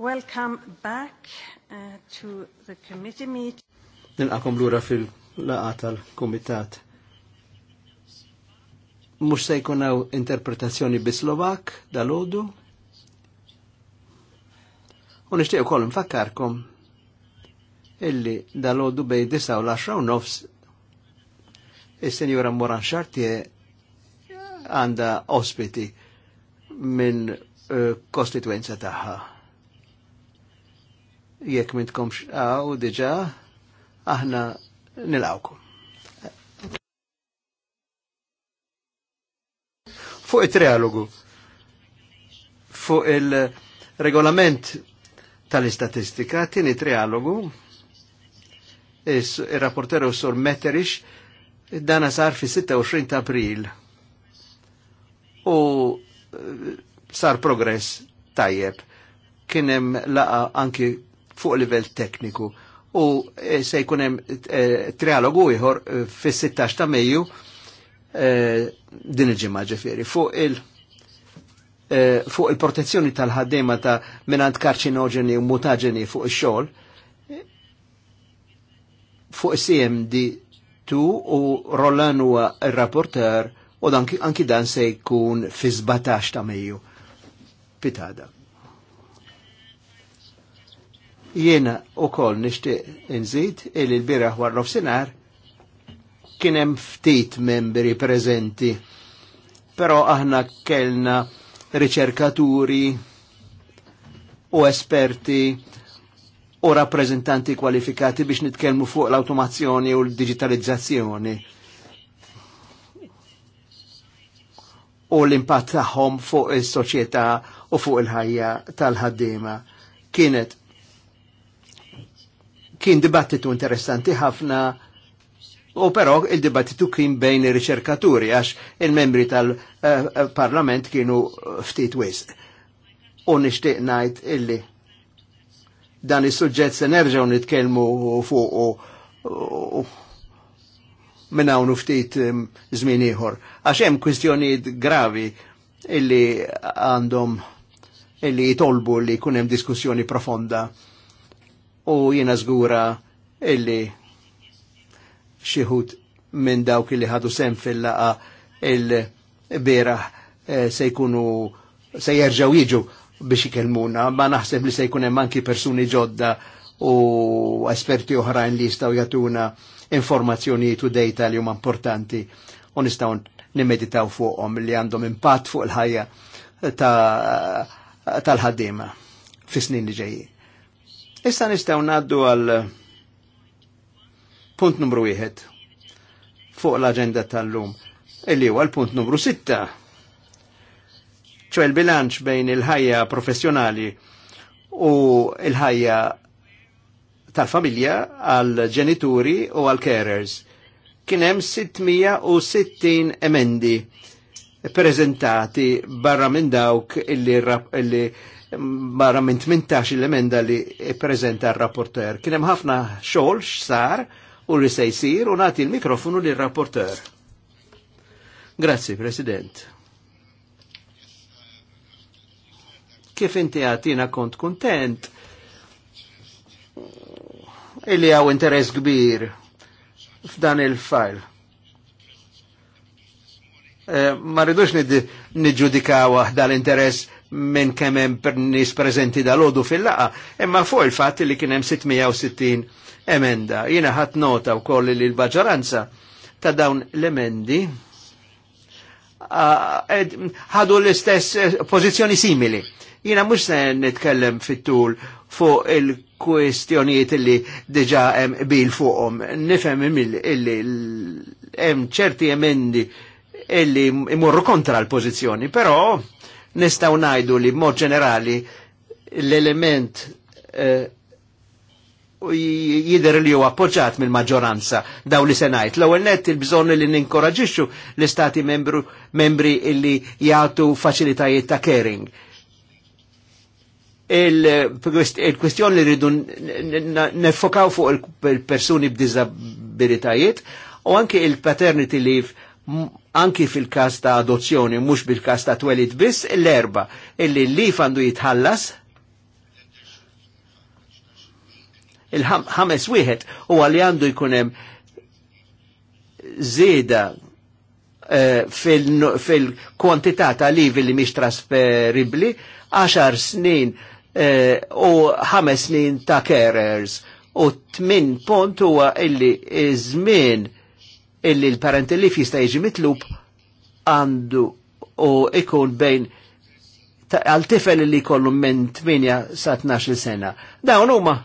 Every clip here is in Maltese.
Welcome back uh, to the committee meet. Nilqakom lura fil-laqa tal-komitat. Mux se jkunaw interpretazzjoni bi-Slovak dal-ħodu. U nishtiq ukoll nfakkarkom illi dal-ħodu bej 9 u l-10 u nofs il-senjura Moran Xartie għanda ospiti minn uh, kostituenza taħħa jekk mintkomx għaw diġa, aħna nilawkom. Fuq il trialogu fuq il-regolament tal-istatistika, tini trialogu, il-rapporteru sur Metterix, dana sar fi 26 april. U eh, sar progress tajjeb. Kienem laqa anki fuq livell tekniku. U eh, se jkun hemm eh, trialogu ieħor eh, fis-16 ta' Mejju din il ġimma ġifiri fuq il- fuq il-protezzjoni tal ħaddejma ta' minant karċinoġeni u mutaġeni fuq ix-xogħol fuq CMD 2 u Roland huwa r-rapporter u anki dan se jkun fi 17 ta' Mejju. Pitada. Jiena u kol nishtiq nżid il l-biraħ war nofsinar kienem ftit membri prezenti, pero aħna kellna riċerkaturi u esperti u rappresentanti kwalifikati biex nitkellmu fuq l-automazzjoni u l-digitalizzazzjoni u l-impatt tagħhom fuq is-soċjetà u fuq il-ħajja tal-ħaddiema. Kienet Kien dibattitu interessanti ħafna U però il-dibattitu kien bejn ir-riċerkaturi għax il-membri tal-parlament kienu ftit wisq. U nixtieq ngħid illi dan is-suġġett se nerġgħu nitkellmu fuq minna unu ftit um, żmien ieħor. Għax hemm kwistjonijiet gravi illi għandhom illi jitolbu li jkun hemm diskussjoni profonda u jiena żgura illi xieħut minn dawk li ħadu sem fil-laqa il-beraħ eh, se jkunu se jerġaw jiġu biex ikelmuna, ma naħseb li se jkun hemm anki persuni ġodda u esperti oħrajn li jistgħu jagħtuna informazzjonijiet u dejta li huma importanti u nistgħu nimmeditaw fuqhom li għandhom impatt fuq il-ħajja tal-ħaddiema ta fis-snin li ġejjin. Issa nistaw naddu għal punt numru jħed fuq l-agenda tal-lum, illi huwa l-punt numru 6, ċo il-bilanċ bejn il-ħajja professjonali u il-ħajja tal-familja għal ġenituri u għal carers. Kien hemm 660 emendi prezentati barra minn dawk illi, illi barra minn 18 l-emenda li prezenta r-rapporter. Kienem ħafna xogħol sar u li se jsir u nagħti l-mikrofonu lir rapporter Grazzi, President. Kif inti għatina kont kontent illi għaw interess kbir f'dan il-fajl. Eh, ma rridux nidġudika waħda l-interess minn kemm hemm prezenti da dal-għodu fil-laqa, imma fuq il fat li kien hemm 660 emenda. Jiena ħadd nota wkoll li l-maġġoranza ta' dawn l-emendi ħadu l-istess eh, pożizzjoni simili. Jiena mhux se nitkellem fit-tul fuq il-kwestjonijiet li diġa bil fuqhom. Nifhem illi ċerti emendi illi imurru kontra l-pożizzjoni, però nistaw najdu li mod ġenerali l-element eh, jider li huwa appoġġat mill-maġġoranza daw li senajt. L-ewwel net il-bżonn li ninkoraġixxu l-istati membri li jagħtu faċilitajiet ta' caring. Il-kwestjoni li rridu nefokaw fuq il-persuni b'diżabilitajiet u anke il-paternity leave anki fil-kas ta' adozzjoni, mux bil-kas ta' twelid biss, l-erba, illi li fandu jitħallas, il-ħames wieħed u għalli għandu jkunem zida eh, fil-kwantità ta' livi li mish trasferibli, 10 snin eh, u ħames 5 snin ta' carers u 8 pont huwa illi iż-żmien illi l-parent li jista' jiġi mitlub għandu u ikun bejn għal tifel li kollu minn 8 sa 12 sena. Dawn huma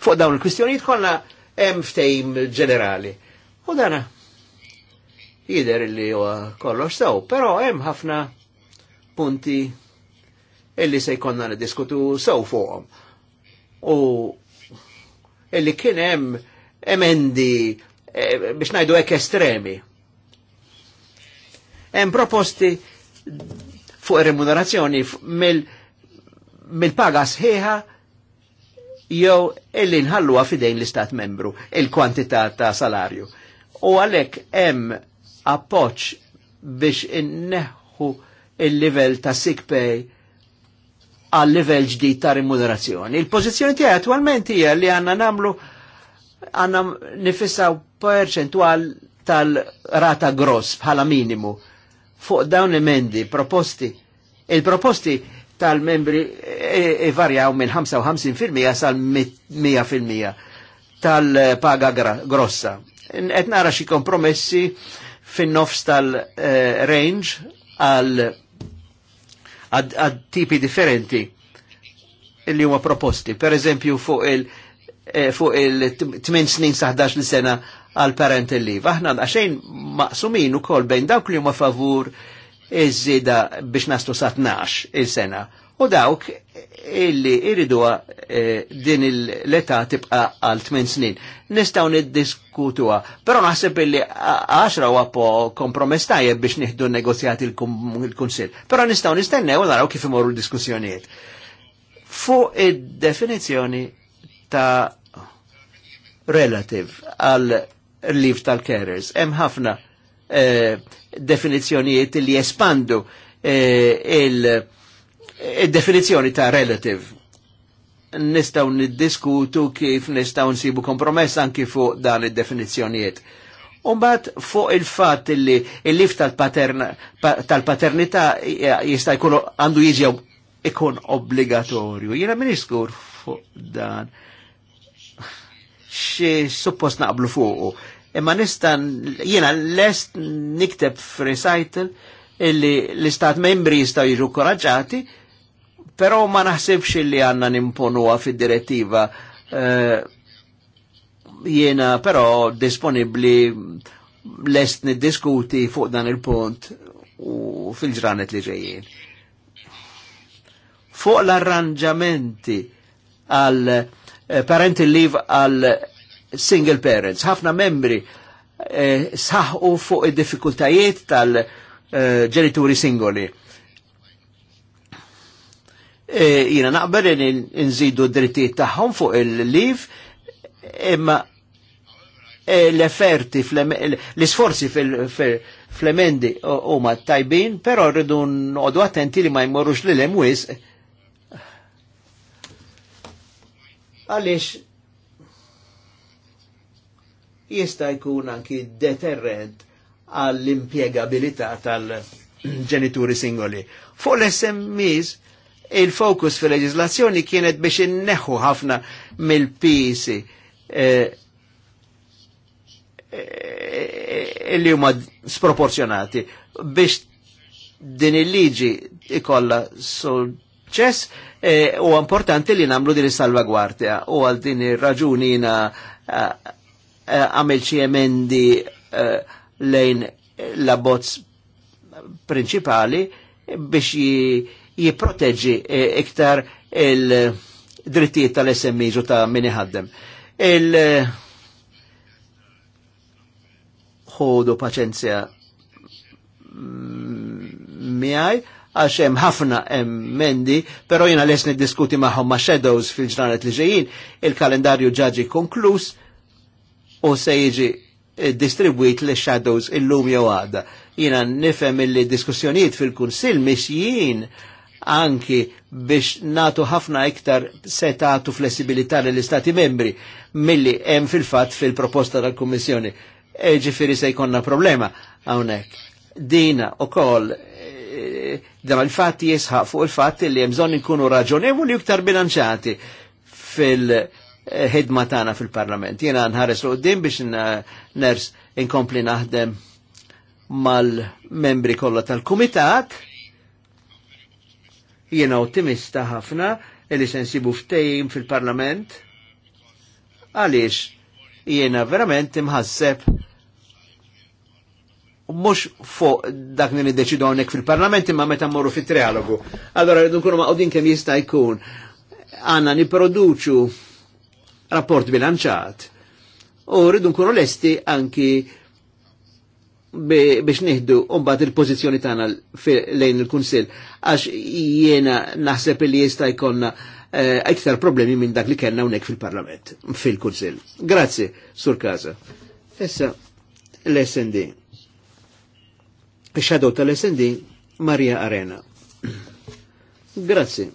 fuq dawn il-kwistjonijiet kollha hemm ftejm ġenerali. U dana jider li huwa kollox sew, però hemm ħafna punti illi se jkollna niddiskutu sew fuqhom. U illi kien hemm emendi Eh, biex najdu ek estremi. Hemm proposti fuq remunerazzjoni mill-paga sħiħa jew illi nħalluha fidejn l-istat membru il-kwantità ta' salarju. U għalhekk hemm appoġġ biex inneħħu il-livell ta' sick pay għal livell ġdid ta' remunerazzjoni. Il-pożizzjoni tiegħi attwalment hija li għandna nagħmlu għanna nifissaw percentual tal-rata gross bħala minimu fuq dawn emendi proposti. Il-proposti tal-membri e, e varjaw minn 55% sal-100% tal-paga grossa. Et nara xi kompromessi fin-nofs tal-range għal tipi differenti li huma proposti. Per eżempju fuq il- Eh, fuq il-8 snin sa' 11 sena għal parental leave. Aħna għaxejn maqsumin u kol bejn dawk li huma favur iż-żida biex nastu sa' 12 il-sena. U dawk illi iriduha eh, din l-età tibqa għal 8 snin. Nistgħu niddiskutuha, però naħseb illi 10 huwa po kompromess tajjeb biex nieħdu negozjati l-Kunsill. Però nistgħu nistennew u naraw kif imorru l-diskussjonijiet. Fuq id-definizzjoni ta' relative għal relief tal-carers. Hemm ħafna eh, definizzjonijiet li jespandu eh, il-definizjoni eh, ta' relative nistaw niddiskutu kif nistaw nsibu kompromess anki fuq dan id-definizzjonijiet. Umbat fuq il-fat li il-lif tal-paternità jista' jkunu għandu jiġi ikun obbligatorju. Jiena min fuq dan suppost naqblu fuqu. Imma nistan, jena lest nikteb f-recital illi l-istat membri jistaw jiġu koraġati, pero ma naħsibx li għanna nimponuwa fid-direttiva. Eh, jiena jena però disponibli lest niddiskuti fuq dan il-punt u fil-ġranet li ġejjien. Fuq l-arranġamenti għal Eh, parental leave għal single parents. Ħafna membri eh, saħu fuq id-diffikultajiet tal-ġenituri eh, singoli. Eh, jina naqbel nżidu drittijiet tagħhom fuq il-liv, imma l-efferti, l-isforzi fl-emendi huma tajbin, però rridu noqogħdu attenti li ma jmorrux li l-emwis għaliex jista' jkun anki deterrent għall-impiegabilità tal-ġenituri singoli. Fuq l-SMEs, il-fokus fil-leġislazzjoni kienet biex inneħu ħafna mill-pisi il eh, eh, li huma sproporzjonati biex din il-liġi ikolla sol ċess e, u importanti li namlu din salvagwardja u għal din ir-raġuni jiena e, e, għamel emendi lejn la bozz principali biex jiproteġi iktar il-drittijiet tal-SMI u ta' min Il- ħodu paċenzja miħaj għax hemm ħafna emmendi, però jiena les niddiskuti magħhom ma' shadows fil-ġranet li ġejjin, il-kalendarju ġaġi konkluż u se jiġi eh, distribwit li shadows illum jew għada. Jiena nifhem illi diskussjonijiet fil-kunsill mixjin anki biex natu ħafna iktar setatu flessibilità lill-Istati membri milli hemm fil-fatt fil-proposta tal-Kummissjoni. E ġifiri se jkonna problema hawnhekk. Dina u koll dan il-fatti jisħaq fuq il-fatti li jemżon nkunu raġonevoli iktar bilanċati fil-ħidma tagħna fil-Parlament. Jiena nħares l-qoddim biex ners inkompli naħdem mal-membri kollha tal-Kumitat. Jiena ottimista ħafna li se nsibu ftejim fil-Parlament. Għaliex jiena verament imħasseb mux fuq dak li niddeċidu għonek fil-Parlament imma meta mmorru fit-trialogu. Allora rridu ma' maqudin kem jista' jkun għandna niproduċu rapport bilanċat u rridu nkunu lesti anki biex nieħdu umbat il pozizjoni tagħna lejn il kunsil għax jiena naħseb li jista' jkonna eh, iktar problemi minn dak li kellna hawnhekk fil-Parlament, fil kunsil Grazie, Sur Kaza. Issa l-SND. Shadow tal-SND Maria Arena. Grazzi.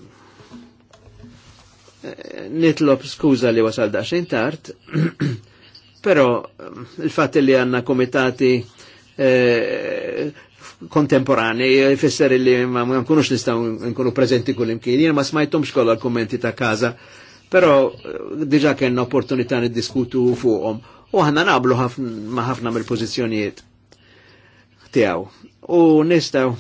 Eh, nitlob skuza li wasal daċin tart, pero eh, il-fat li għanna komitati eh, kontemporani, fisser li ma nkunux nistaw nkunu prezenti kull-imkien, ma smajtum kolla l-kommenti ta' kaza, pero diġa kena opportunità niddiskutu fuqom, u ħanna nablu ma ħafna mill-pozizjonijiet tijaw. U nistgħu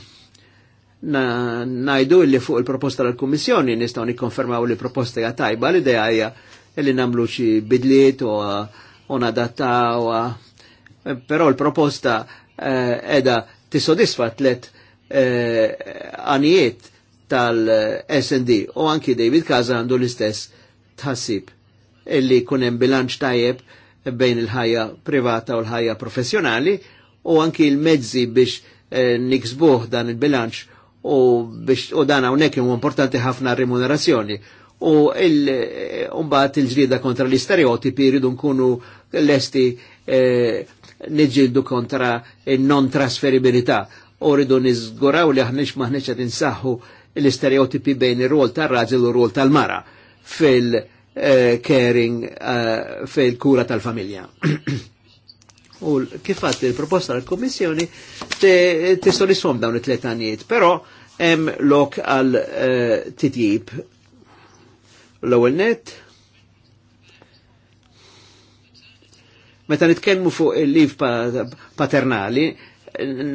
najdu li fuq il-proposta tal-Kummissjoni nistgħu nikkonfermaw li proposta hija tajba l-idea hija li nagħmlu xi bidliet u u però l-proposta eh, edha tissodisfa tlet għanijiet eh, tal-SND u anki David Kaza għandu l-istess tħassib illi kunem bilanċ tajjeb bejn il-ħajja privata u l-ħajja professjonali u anki l-mezzi biex eh, niksbuh dan il-bilanċ u biex u dan hawnhekk huwa importanti ħafna remunerazzjoni. U il-umbat eh, il-ġlieda kontra l-istereotipi jridu nkunu lesti eh, nġildu kontra non trasferibilità u rridu nizguraw li aħniex maħnix qed insaħħu l-istereotipi bejn ir-rol tal raġel u rol tal-mara fil-caring eh, eh, fil-kura tal-familja. U kifat il-proposta tal-Komissjoni tistolissom dawn it-tletanijiet, però hemm lok għal eh, titjib l-ewwel net. Meta nitkellmu fuq il-liv paternali,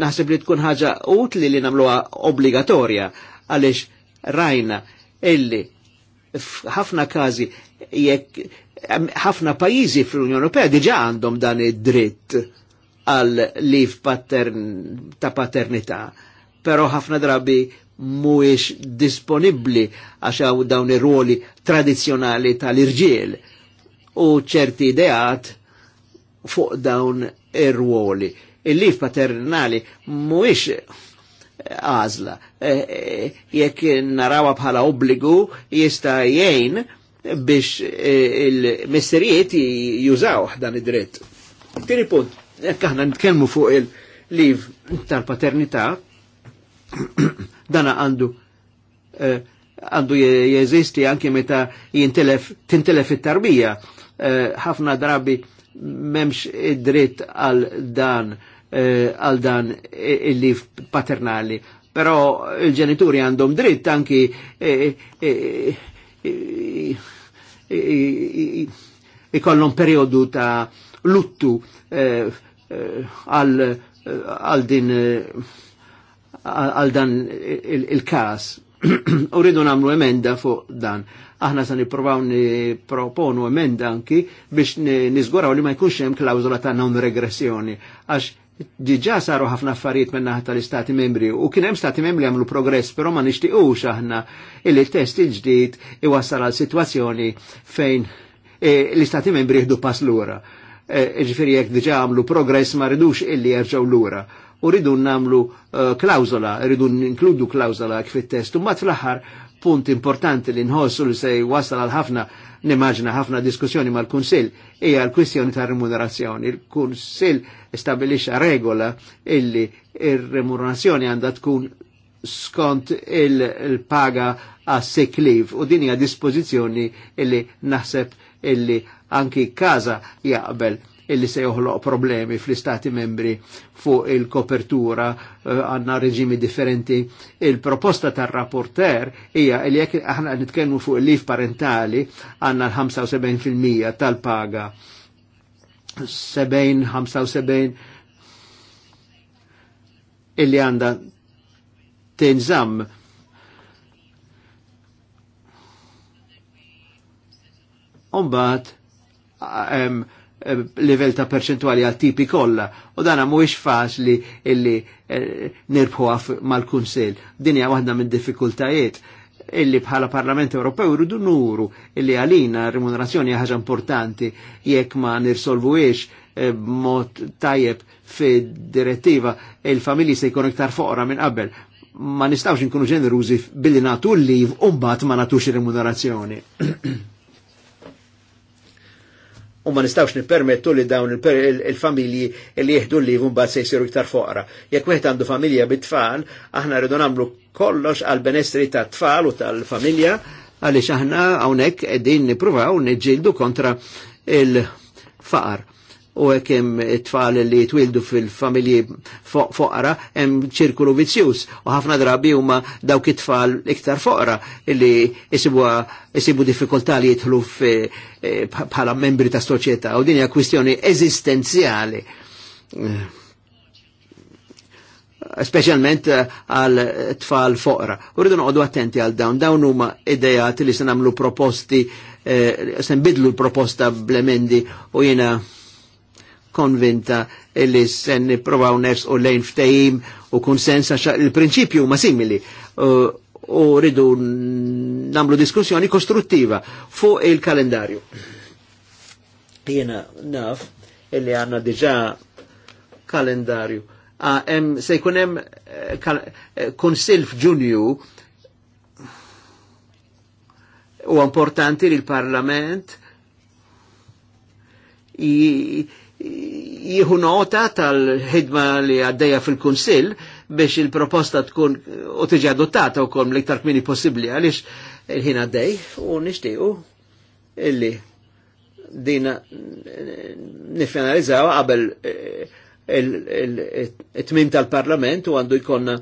naħseb li tkun ħaġa utli li nagħmluha obbligatorja għaliex rajna illi f'ħafna kazi jekk ħafna pajjiżi fl-Unjoni Ewropea diġa' għandhom dan id-dritt għal liv pattern, ta' paternità, però ħafna drabi mhuwiex disponibbli għax hawn dawn ir-ruoli tradizzjonali tal-irġiel u ċerti ideat fuq dawn ir-ruoli. Il-lif paternali mhuwiex għazla. Eh, eh, jekk narawa bħala obbligu jista' jgħin biex e, il-misserijiet jużaw dan id-dritt. Tieni punt, jekk aħna nitkellmu fuq il-liv tal-paternità, dana għandu e, għandu jeżisti anke meta jintelef tintelef it-tarbija. E, ħafna drabi memx id-dritt għal dan għal dan il-liv paternali. Però il-ġenituri għandhom dritt anki ikollhom periodu ta' luttu eh, eh, eh, għal din għal dan il-kas. U rridu namlu emenda fuq dan. Aħna sa nipprovaw niproponu emenda anki biex nizguraw li ma jkunx hemm klawżola ta' non regressjoni. Għax diġa saru ħafna affarijiet minn naħa tal-istati membri u kien hemm stati membri għamlu progress, però ma nixtiequx aħna illi test il-ġdid iwassal għal sitwazzjoni fejn eh, l-istati membri jieħdu pass lura. Eh, Ġifieri jekk diġa għamlu progress ma ridux illi jerġgħu lura. U ridu nagħmlu eh, klawzola, rridu ninkludu klawzola kif fit-test. U mat fl-aħħar punt importanti li nħossu li se wasal għal ħafna nimmaġna ħafna diskussjoni mal-Kunsill hija l-kwistjoni ta' remunerazzjoni. il kunsil stabilixa regola illi il remunerazzjoni il għandha tkun skont il-paga għas sick leave u dinja hija illi naħseb illi anki kaza jaqbel illi se joħloq problemi fl-istati membri fuq il-kopertura eh, għanna reġimi differenti. Il-proposta tar-rapporter hija li jekk aħna nitkellmu fuq il-lif parentali għanna l-75% tal-paga 70-75 illi għanda tenżam Umbat, eh, Eh, level ta' perċentuali għal tipi kollha u dana mhuwiex faċli illi eh, nirbħu mal-Kunsell. Dinja hija waħda diffikultajiet illi bħala Parlament Ewropew rudu nuru illi għalina remunerazzjoni ħaġa importanti jekk ma nirsolvuhiex eh, mod tajjeb fi direttiva il-familji se jkun iktar foqra minn qabel. Ma nistawx nkunu ġenerużi billi natu l-liv u mbagħad ma natux remunerazzjoni. u ma nistawx nippermettu li dawn il-familji li jihdu li jivun bat se jisiru iktar foqra. Jekk wieħed għandu familja bit-tfal, aħna rridu nagħmlu kollox għal benestri tat tfal u tal-familja għaliex aħna hawnhekk qegħdin nippruvaw niġġieldu kontra il-faqar u hemm it-tfal li twildu fil-familji foqra hemm ċirkulu vizzjuż u ħafna drabi huma dawk it-tfal iktar foqra li jisibu diffikultà li jidħlu eh, bħala membri ta' soċjetà u din hija kwistjoni eżistenzjali. Eh, Speċjalment eh, għal tfal foqra. Uridu noqogħdu attenti għal dawn, dawn huma idejat li se nagħmlu proposti, se nbidlu l-proposta bl-emendi u jiena konvinta li sen niprovaw nefs u lejn ftejim u konsensa il-prinċipju ma simili uh, u ridu namlu diskussjoni kostruttiva fuq il-kalendarju. Jena naf illi għanna diġa kalendarju. Ah, se jkunem eh, konsil eh, f'ġunju u importanti li l-parlament Jihu nota tal-ħidma li għaddeja fil-Kunsill biex il-proposta tkun u tiġi adottata u kol l-iktar kmini possibli għalix il-ħin għaddej u nishtiqu illi Din nifinalizzaw qabel eh, il-tmim tal-parlament u għandu jkun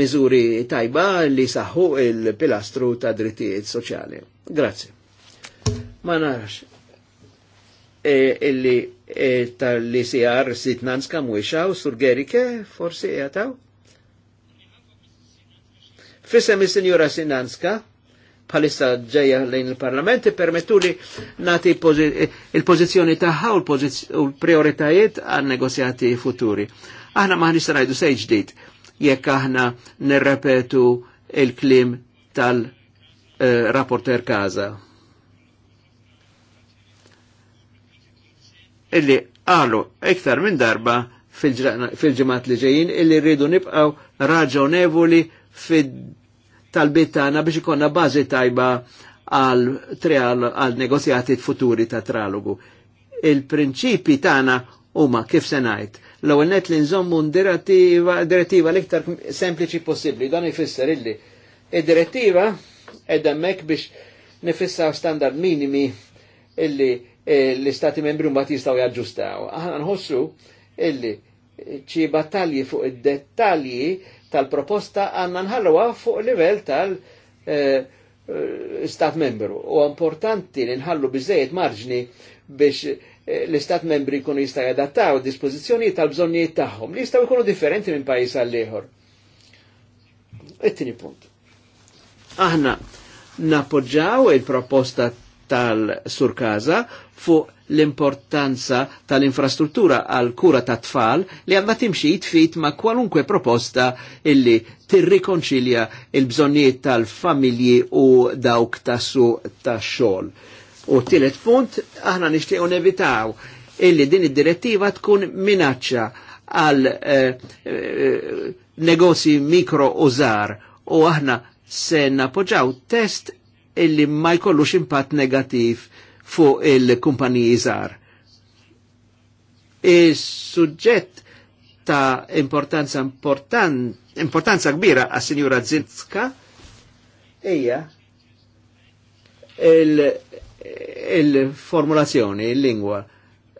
miżuri tajba li saħħu il-pilastru ta' drittijiet soċjali. Grazie. Ma narax. E, E tal-ICR Sitnanska mwixaw, Sur surgerike, forsi jgħataw? E Fissem il Signora Sinanska, palissa ġeja lejn il-Parlamenti, permettu li nati il-pozizjoni taħħa u l-prioritajiet għal negozjati futuri. Aħna maħni sarajdu sej ġdijt, jekk aħna nirrepetu il-klim tal-rapporter eh, Kaza illi għalu iktar minn darba fil-ġemat li ġejjin illi rridu nibqaw raġonevoli tal-bit tagħna biex ikonna bażi tajba għal negozjati futuri ta' tralogu. Il-prinċipi tagħna huma kif se ngħid l-ewwel net li nżommu direttiva direttiva l-iktar sempliċi possibbli dan ifisser illi id-direttiva ed biex nifissaw standard minimi illi Eh, l-istati membri mbagħad jistgħu jaġġustaw. Aħna nħossu illi ċi battalji fuq id-dettalji tal-proposta għanna nħallu fuq livell tal- eh, stat membru. U importanti li nħallu biżejjed marġni biex eh, l-istat membri jkunu jistaw jadattaw dispożizzjoni tal-bżonnijiet tagħhom li jistgħu jkunu differenti minn pajjiż għall ieħor. It-tieni punt. Aħna nappoġġaw il-proposta tal-surkaza fuq l-importanza tal-infrastruttura għal kura ta' tfal li għandha timxi jitfit ma' kwalunkwe proposta illi tirrikonċilja il-bżonniet tal-familji u dawk tassu ta' xol. U tielet punt, aħna nixtiequ nevitaw illi din id-direttiva tkun minaccia għal eh, eh, eh negozji mikro użar u aħna se napoġaw test illi ma jkollux impatt negativ fuq il-kumpaniji żgħar. Is-suġġett ta' importanza important, importanza kbira għas sinjura Zinska hija il-formulazzjoni, il il-lingwa.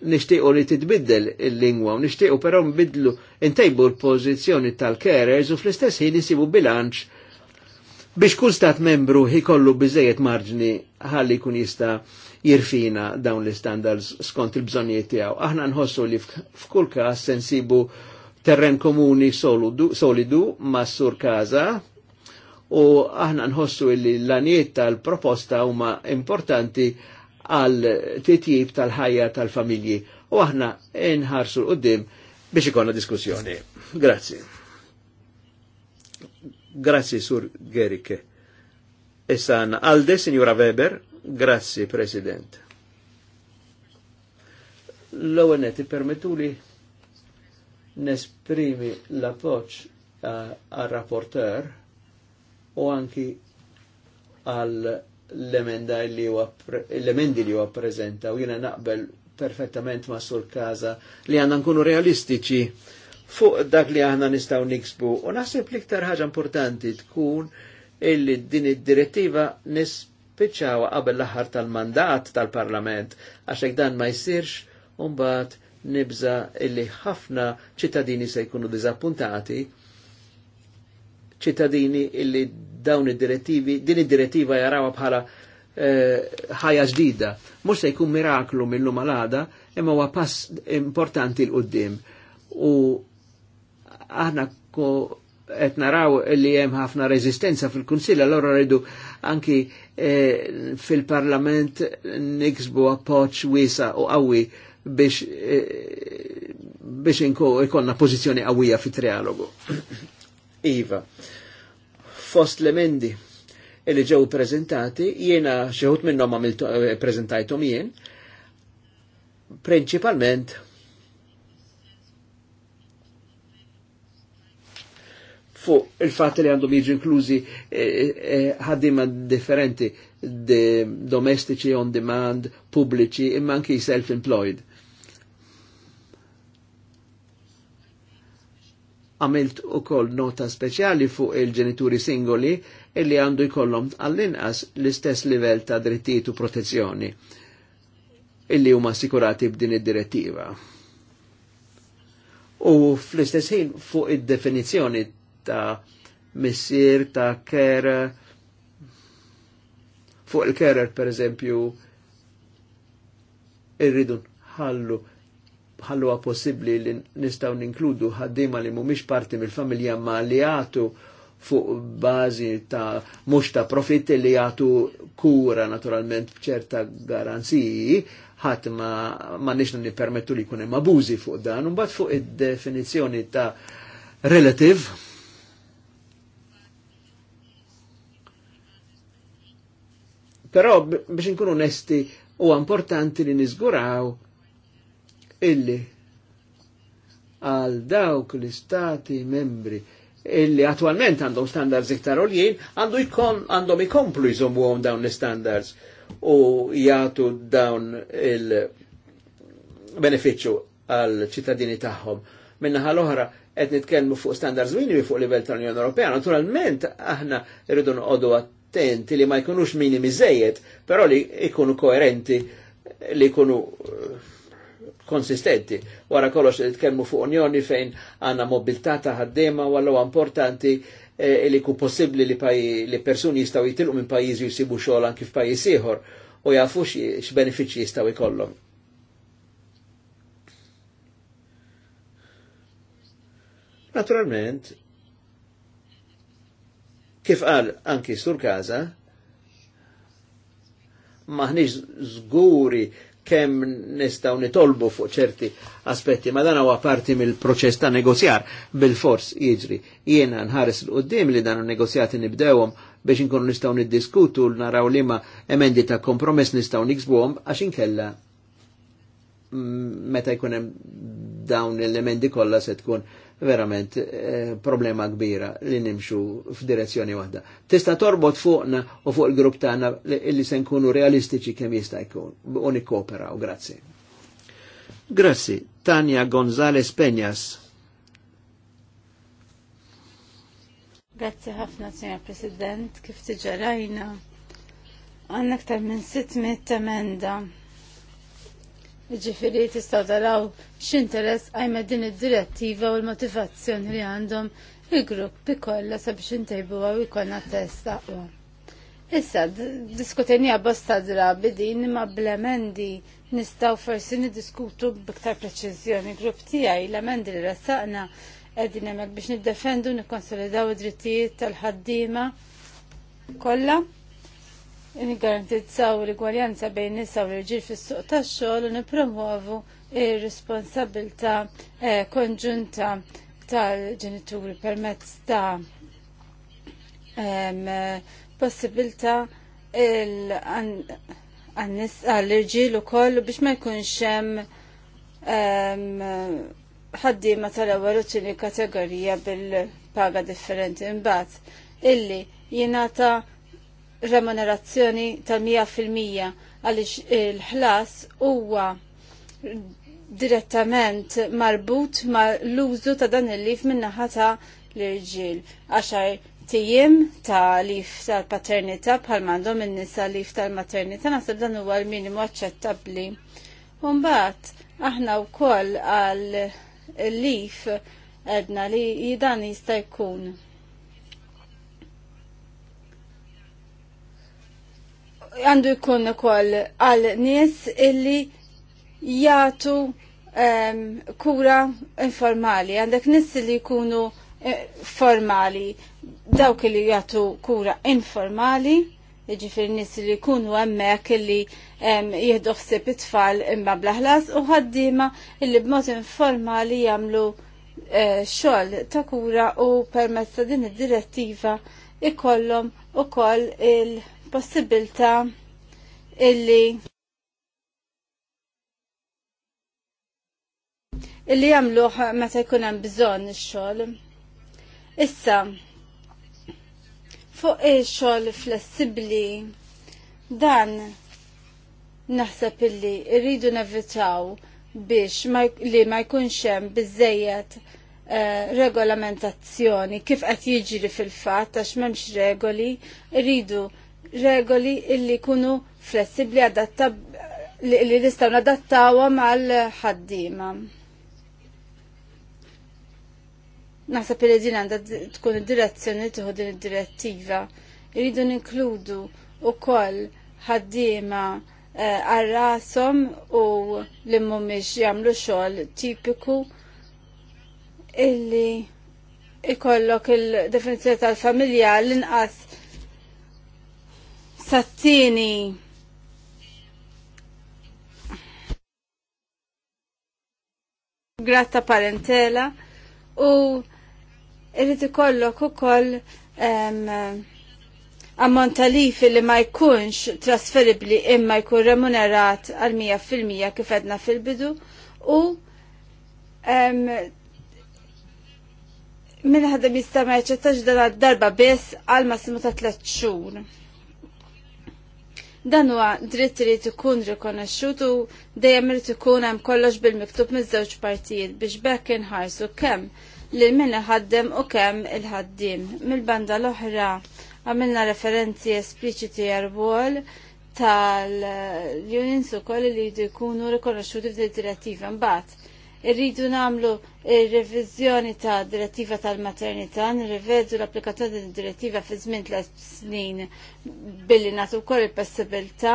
Nishtiqu li titbiddel il-lingwa, nishtiqu però nbiddlu ntejbu l-pożizzjoni tal-carers u fl-istess ħin nisibu bilanċ biex kull stat membru jkollu biżejjed marġni ħalli jkun jista' jirfina dawn l-standards skont il-bżonnijiet tiegħu. Aħna nħossu li f'kull każ se nsibu terren komuni solidu ma' sur kaza u aħna nħossu li l-anijiet tal-proposta huma importanti għal titjib tal-ħajja tal-familji u aħna nħarsu l-qoddim biex ikonna diskussjoni. Grazie. Grazzi, Sur Gerike. Esan Alde, Signora Weber. Grazzi, President. L-għonet, permetuli nesprimi l-appoċ al rapporteur o anki għal l-emendi li huwa prezenta u jiena naqbel perfettament ma' sur kaza li għandna nkunu realistiċi fuq dak li aħna nistaw niksbu. U naħseb l-iktar ħaġa importanti tkun illi din id-direttiva nispiċċaw qabel l-aħħar tal-mandat tal-Parlament għax dan ma jsirx umbat nibza illi ħafna ċittadini se jkunu diżappuntati ċittadini illi dawn id-direttivi, din id-direttiva jarawa bħala eh, ħajja eh, ġdida. Mux se jkun miraklu mill-lum imma huwa pass importanti l-qoddim. U aħna qed naraw li hemm ħafna rezistenza fil kunsil allora rridu anki eh, fil-Parlament niksbu appoċ wiesa u għawi biex e, biex ikonna pozizjoni għawija fit-trialogu. iva, fost l-emendi li ġew prezentati, jiena xeħut minnhom għamil eh, prezentajtom jien, Principalment fuq il-fat li għandhom jiġu inklużi eh, eh, ħaddima differenti domestiċi on demand, pubbliċi, imma anki self-employed. Għamilt u koll nota speċjali fuq il-ġenituri singoli illi għandu jkollhom għall-inqas l-istess livell ta' drittijiet u protezzjoni illi huma assikurati b'din id-direttiva. U fl-istess ħin fuq id-definizzjoni ta' missir ta' kera fuq il-carer per eżempju irridu ħallu ħalluha possibbli li nistgħu ninkludu ħaddiema li mhumiex parti mill-familja ma li għatu fuq bażi ta' mhux ta' profitt li jagħtu kura naturalment b'ċerta garanziji ħadd ma m'għandniex nippermettu li jkun hemm abużi fuq dan u bat fuq id-definizzjoni ta' relative Però biex nkun onesti u importanti li nizguraw illi għal dawk l-istati membri illi attualment għandhom standards iktar oljien, għandu jkun għandhom ikomplu jżommu għom dawn l-standards u jgħatu dawn il-beneficju għal ċittadini tagħhom. Minna ħal-oħra, qed nitkellmu fuq standards minimi fuq livell tal-Unjoni Ewropea, naturalment aħna rridu noqogħdu attenti li ma jkunux minimi zejjed, però li jkunu koerenti, li jkunu eh, konsistenti. Wara kollox li tkellmu fuq unjoni fejn għanna mobilità ta' ħaddiema wallu importanti eh, li ku possibli li, paj, li persuni jistaw jitilqu minn pajjiżi jisibu xogħol anki f'pajjiż ieħor u jafu x'benefiċċji jistaw ikollhom. Naturalment, Kif qal anki sur kaza, maħniġ zguri kem nistaw nitolbu fuq ċerti aspetti, ma dan huwa parti mill-proċess ta' negozjar bil-fors jiġri. Jiena nħares l-qoddim li dan negozjati nibdewhom biex inkunu nistaw niddiskutu l naraw li ma emendi ta' kompromess nistaw niksbuhom għax inkella mm, meta jkun hemm dawn l emendi kollha se tkun verament eh, problema kbira li nimxu f'direzzjoni waħda. Tista torbot fuqna u fuq il-grupp tagħna li se nkunu realistiċi kemm jista' jkun u nikkooperaw. Grazzi. Grazzi. Tanja Gonzales Peñas. Grazzi ħafna, Signor President, kif tiġarajna. Għanna ktar minn 600 emenda Ġifiri tistaw taraw x'interess għajma din id-direttiva u l-motivazzjoni li għandhom il-grupp kollha sabiex intejbu għaw ikonna testa aqwa. Issa, diskutenija bosta drabi din ma blemendi nistaw forsi nidiskutu b'iktar preċizjoni. Grupp tijaj, l-emendi li rassaqna għedin għamek biex niddefendu nikonsolidaw id-drittijiet tal-ħaddima kolla nigarantizzaw l-igwaljanza bejn nisa u l-irġiel fis-suq tax-xogħol u nippromuovu r responsabilità eh, konġunta tal-ġenituri permezz ta' possibilità għall-irġiel ukoll biex ma jkunx hemm ħaddiema tal-ewwel u kategorija bil-paga differenti imbagħad illi jingħata remunerazzjoni tal-100% għaliex il-ħlas huwa direttament marbut ma l-użu ta' dan il-lif minnaħa ta' l-irġiel. Għaxar tijim ta' lif tal-paternita bħal mandom in-nisa lif tal-maternita naħseb dan huwa l-minimu aċċettabbli. Umbat, aħna wkoll għal lif edna li jidan jista' jkun għandu jkun ukoll għal nies illi jagħtu um, kura informali, għandek nies li jkunu e, formali, dawk li jagħtu kura informali, jiġifier nis li jkunu hemmhekk li um, ehm, jieħdu ħsieb it-tfal imma blaħlas u ħaddiema illi b'mod informali jagħmlu uh, xogħol ta' kura u permezz ta' din id-direttiva ikollhom ukoll il- il-possibilta illi illi jamluħ meta jkun hemm bżonn ix-xogħol. Issa fuq il xogħol flessibbli dan naħseb illi rridu nevitaw biex li ma jkunx hemm biżejjed eh, regolamentazzjoni kif qed jiġri fil-fatt għax m'hemmx regoli rridu regoli illi kunu flessibli adattab li nistaw nadattawa mal-ħaddima. Naħseb li din għandha tkun id-direzzjoni tieħu din id-direttiva. Iridu ninkludu wkoll ħaddiema eh, għarrasom u li mhumiex jagħmlu xogħol tipiku illi ikollok il-definizjoni tal-familja l-inqas Sattini. Gratta parentela u irrid ikollok ukoll ammont talif li ma jkunx trasferibli imma jkun remunerat għal mija 100% kif edna fil-bidu u minn ħadem jista' ma dan darba biss għal massimu ta' tliet xhur. Dan huwa dritt irid ikun rikonoxxut u dejjem irid ikun hemm kollox bil-miktub miż-żewġ partijiet biex bekk inħarsu kemm lil min iħaddem u kemm il-ħaddiem. Mill-banda l-oħra għamilna referenzi espliċiti għal tal-unions ukoll li jdu jkunu rikonoxxuti f'din direttiva mbagħad irridu namlu revizjoni ta' direttiva tal-maternità, nirrivedu l-applikazzjoni ta' direttiva fi żmien tliet snin billi nagħtu wkoll il-possibilità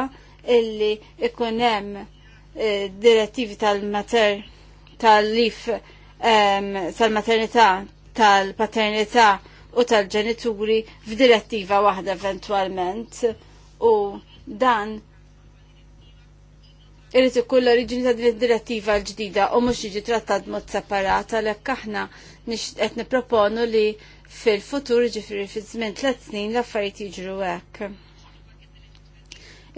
illi ikun hemm eh, direttivi tal-mater tal-lif ehm, tal-maternità tal-paternità u tal-ġenituri f'direttiva waħda eventwalment u dan irrit ikun l-oriġini ta' din id-direttiva l-ġdida u mhux jiġi trattat mod separat għalhekk aħna qed nipproponu li fil-futur ġifri fi żmien tliet snin l-affarijiet jiġru hekk.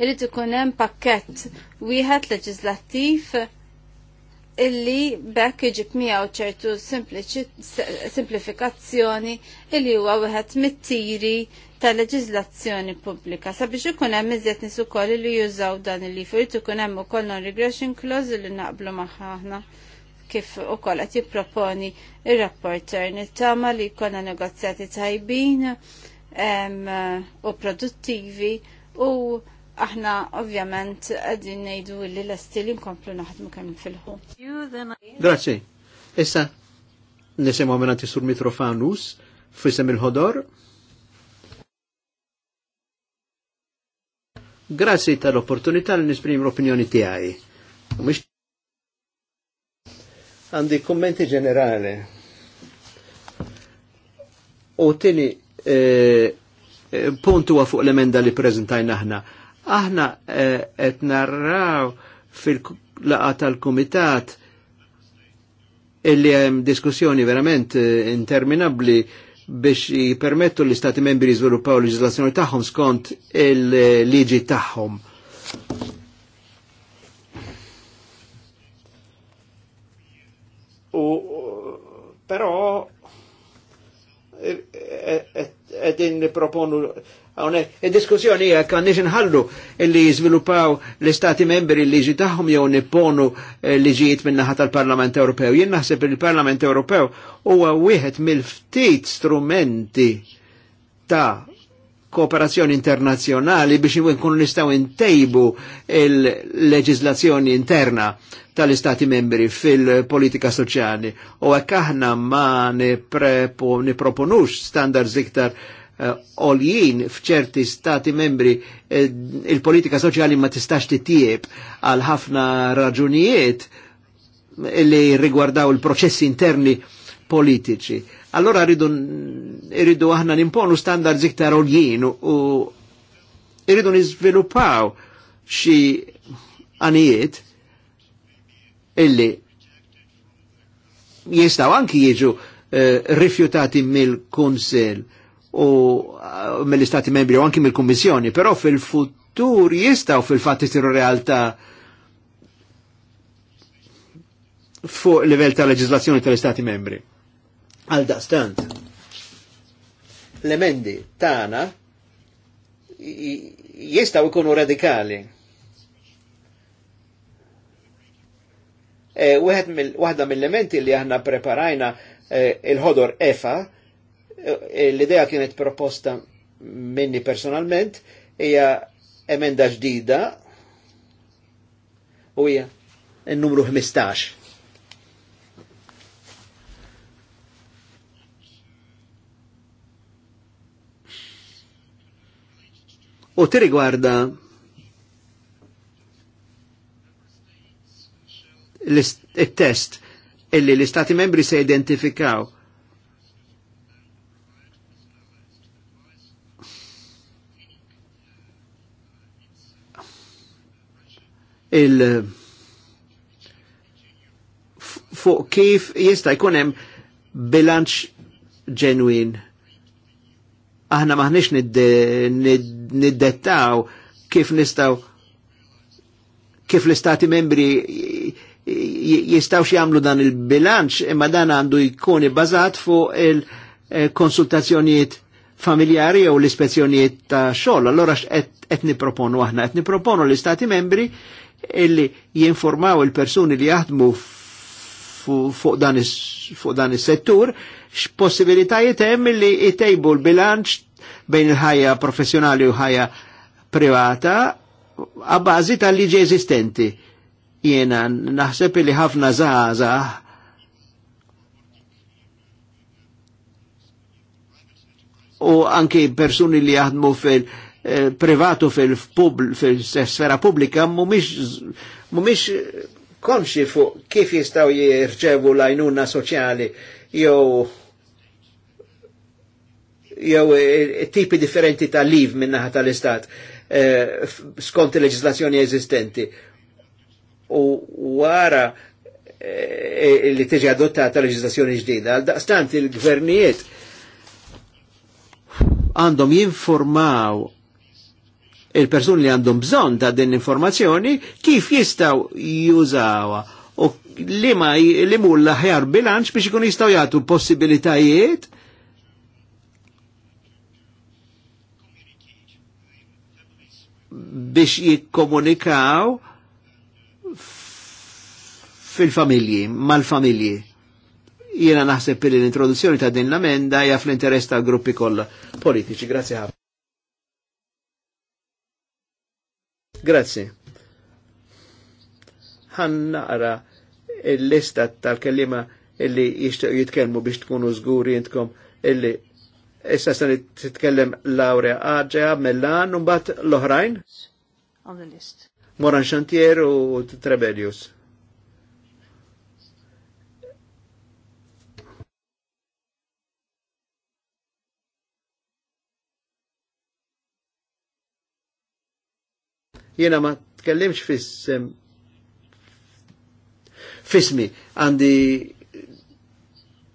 Irrid ikun hemm pakkett wieħed leġislattiv illi bekk iġib miegħu ċertu simplifikazzjoni illi huwa wieħed mit-tiri ta' leġiżlazzjoni pubblika. Sabiex ikun hemm iżjed nies ukoll li jużaw dan il jrid ikun hemm ukoll non-regression clause li naqblu magħha aħna kif ukoll qed jipproponi ir-rapporter nittama li jkollna negozjati tajbin u produttivi u aħna ovvjament għadin nejdu li l-estil inkomplu naħdmu kemm nfilħu. Grazie. Issa nisimaw minnanti sur Mitrofanus fisem il-ħodor. Grazie tal-opportunità li nisprim l-opinjoni tiegħi. Għandi kommenti ġenerali. U tini eh, eh, puntu għafuq l-emenda li prezentajna ħna. Aħna eh, qed narraw fil-laqa tal-kumitat illi hemm diskussjoni verament eh, interminabbli biex jipermettu li stati membri jiżviluppaw l-leġislazzjoni tagħhom skont il-liġi tagħhom. U però eh, edin proponu għonek. Il-diskussjoni hija kan nix nħallu li jizvilupaw l-istati membri l-liġi tagħhom jew nipponu eh, liġijiet minnaħat tal-Parlament Ewropew. Jien naħseb il-Parlament Ewropew huwa wieħed mill-ftit strumenti ta' kooperazzjoni internazzjonali biex nkunu nistgħu intejbu il-leġislazzjoni interna tal-Istati membri fil-politika soċjali u hekk aħna ma niproponux standards iktar eh, oljien fċerti stati membri eh, il-politika soċjali ma tistax titjieb għal ħafna raġunijiet li rigwardaw il-proċessi interni politiċi. Allora rridu, rridu aħna nimponu standards iktar oljien u rridu nizviluppaw xi għanijiet illi jistaw anki jiġu uh, rifjutati mill-Kunsel u eh, mill-Istati membri u anki mill-Kummissjoni, però fil-futur jistaw fil-fatti tiru realtà fuq livell ta' leġislazzjoni tal-Istati membri. Għal daqstant, l-emendi tana jistaw ikunu radikali. E, waħda mill-elementi li aħna preparajna e, il-ħodor EFA, e, l-idea kienet proposta minni personalment, hija emenda ġdida u hija n-numru 15 u tirigwarda il-test illi l-istati membri se identifikaw il- fuq kif jista' jkun hemm bilanċ ġenwin. Aħna maħniex nid niddettaw kif nistaw kif l-istati membri jistaw jagħmlu dan il-bilanċ imma dan għandu jkun bazat fuq il-konsultazzjonijiet familjari jew l-ispezzjonijiet ta' xogħol. Allora qed niproponu aħna? Qed niproponu l-istati membri illi jinformaw il-persuni li jaħdmu fuq dan is-settur x'possibilitajiet hemm li jtejbu l-bilanċ bejn il-ħajja professjonali u ħajja privata għabbażi tal-liġi eżistenti. Jena naħseb li ħafna zaħza u anki persuni li jaħdmu fil-privatu eh, fil-sfera pubblika mumiex konxi fuq kif jistaw jirċevu lajnuna soċjali jew jew eh, tipi differenti ta' liv minnaħa tal-istat eh, skont il-leġislazzjoni eżistenti. U wara eh, li tiġi adottata leġislazzjoni ġdida, għal daqstant il-gvernijiet għandhom jinformaw il persuni li għandhom bżon ta' din informazzjoni kif jistaw jużawa u li ma li mulla ħjar bilanċ biex ikun jistaw jgħatu possibilitajiet biex jikkomunikaw fil-familji, mal-familji. Jiena naħseb li l-introduzzjoni ta' din l-amenda hija fl-interess tal gruppi kollha politiċi. Grazie ħafna. Grazie. Ħan naqra l-lista tal-kellima illi jixtiequ jitkellmu biex tkunu zguri jintkom illi Issa se titkellem Laurea Aġea Mellan u mbagħad l-oħrajn? On the list. Moran Xantier u Trebelius. Jena ma tkellimx fissem fismi għandi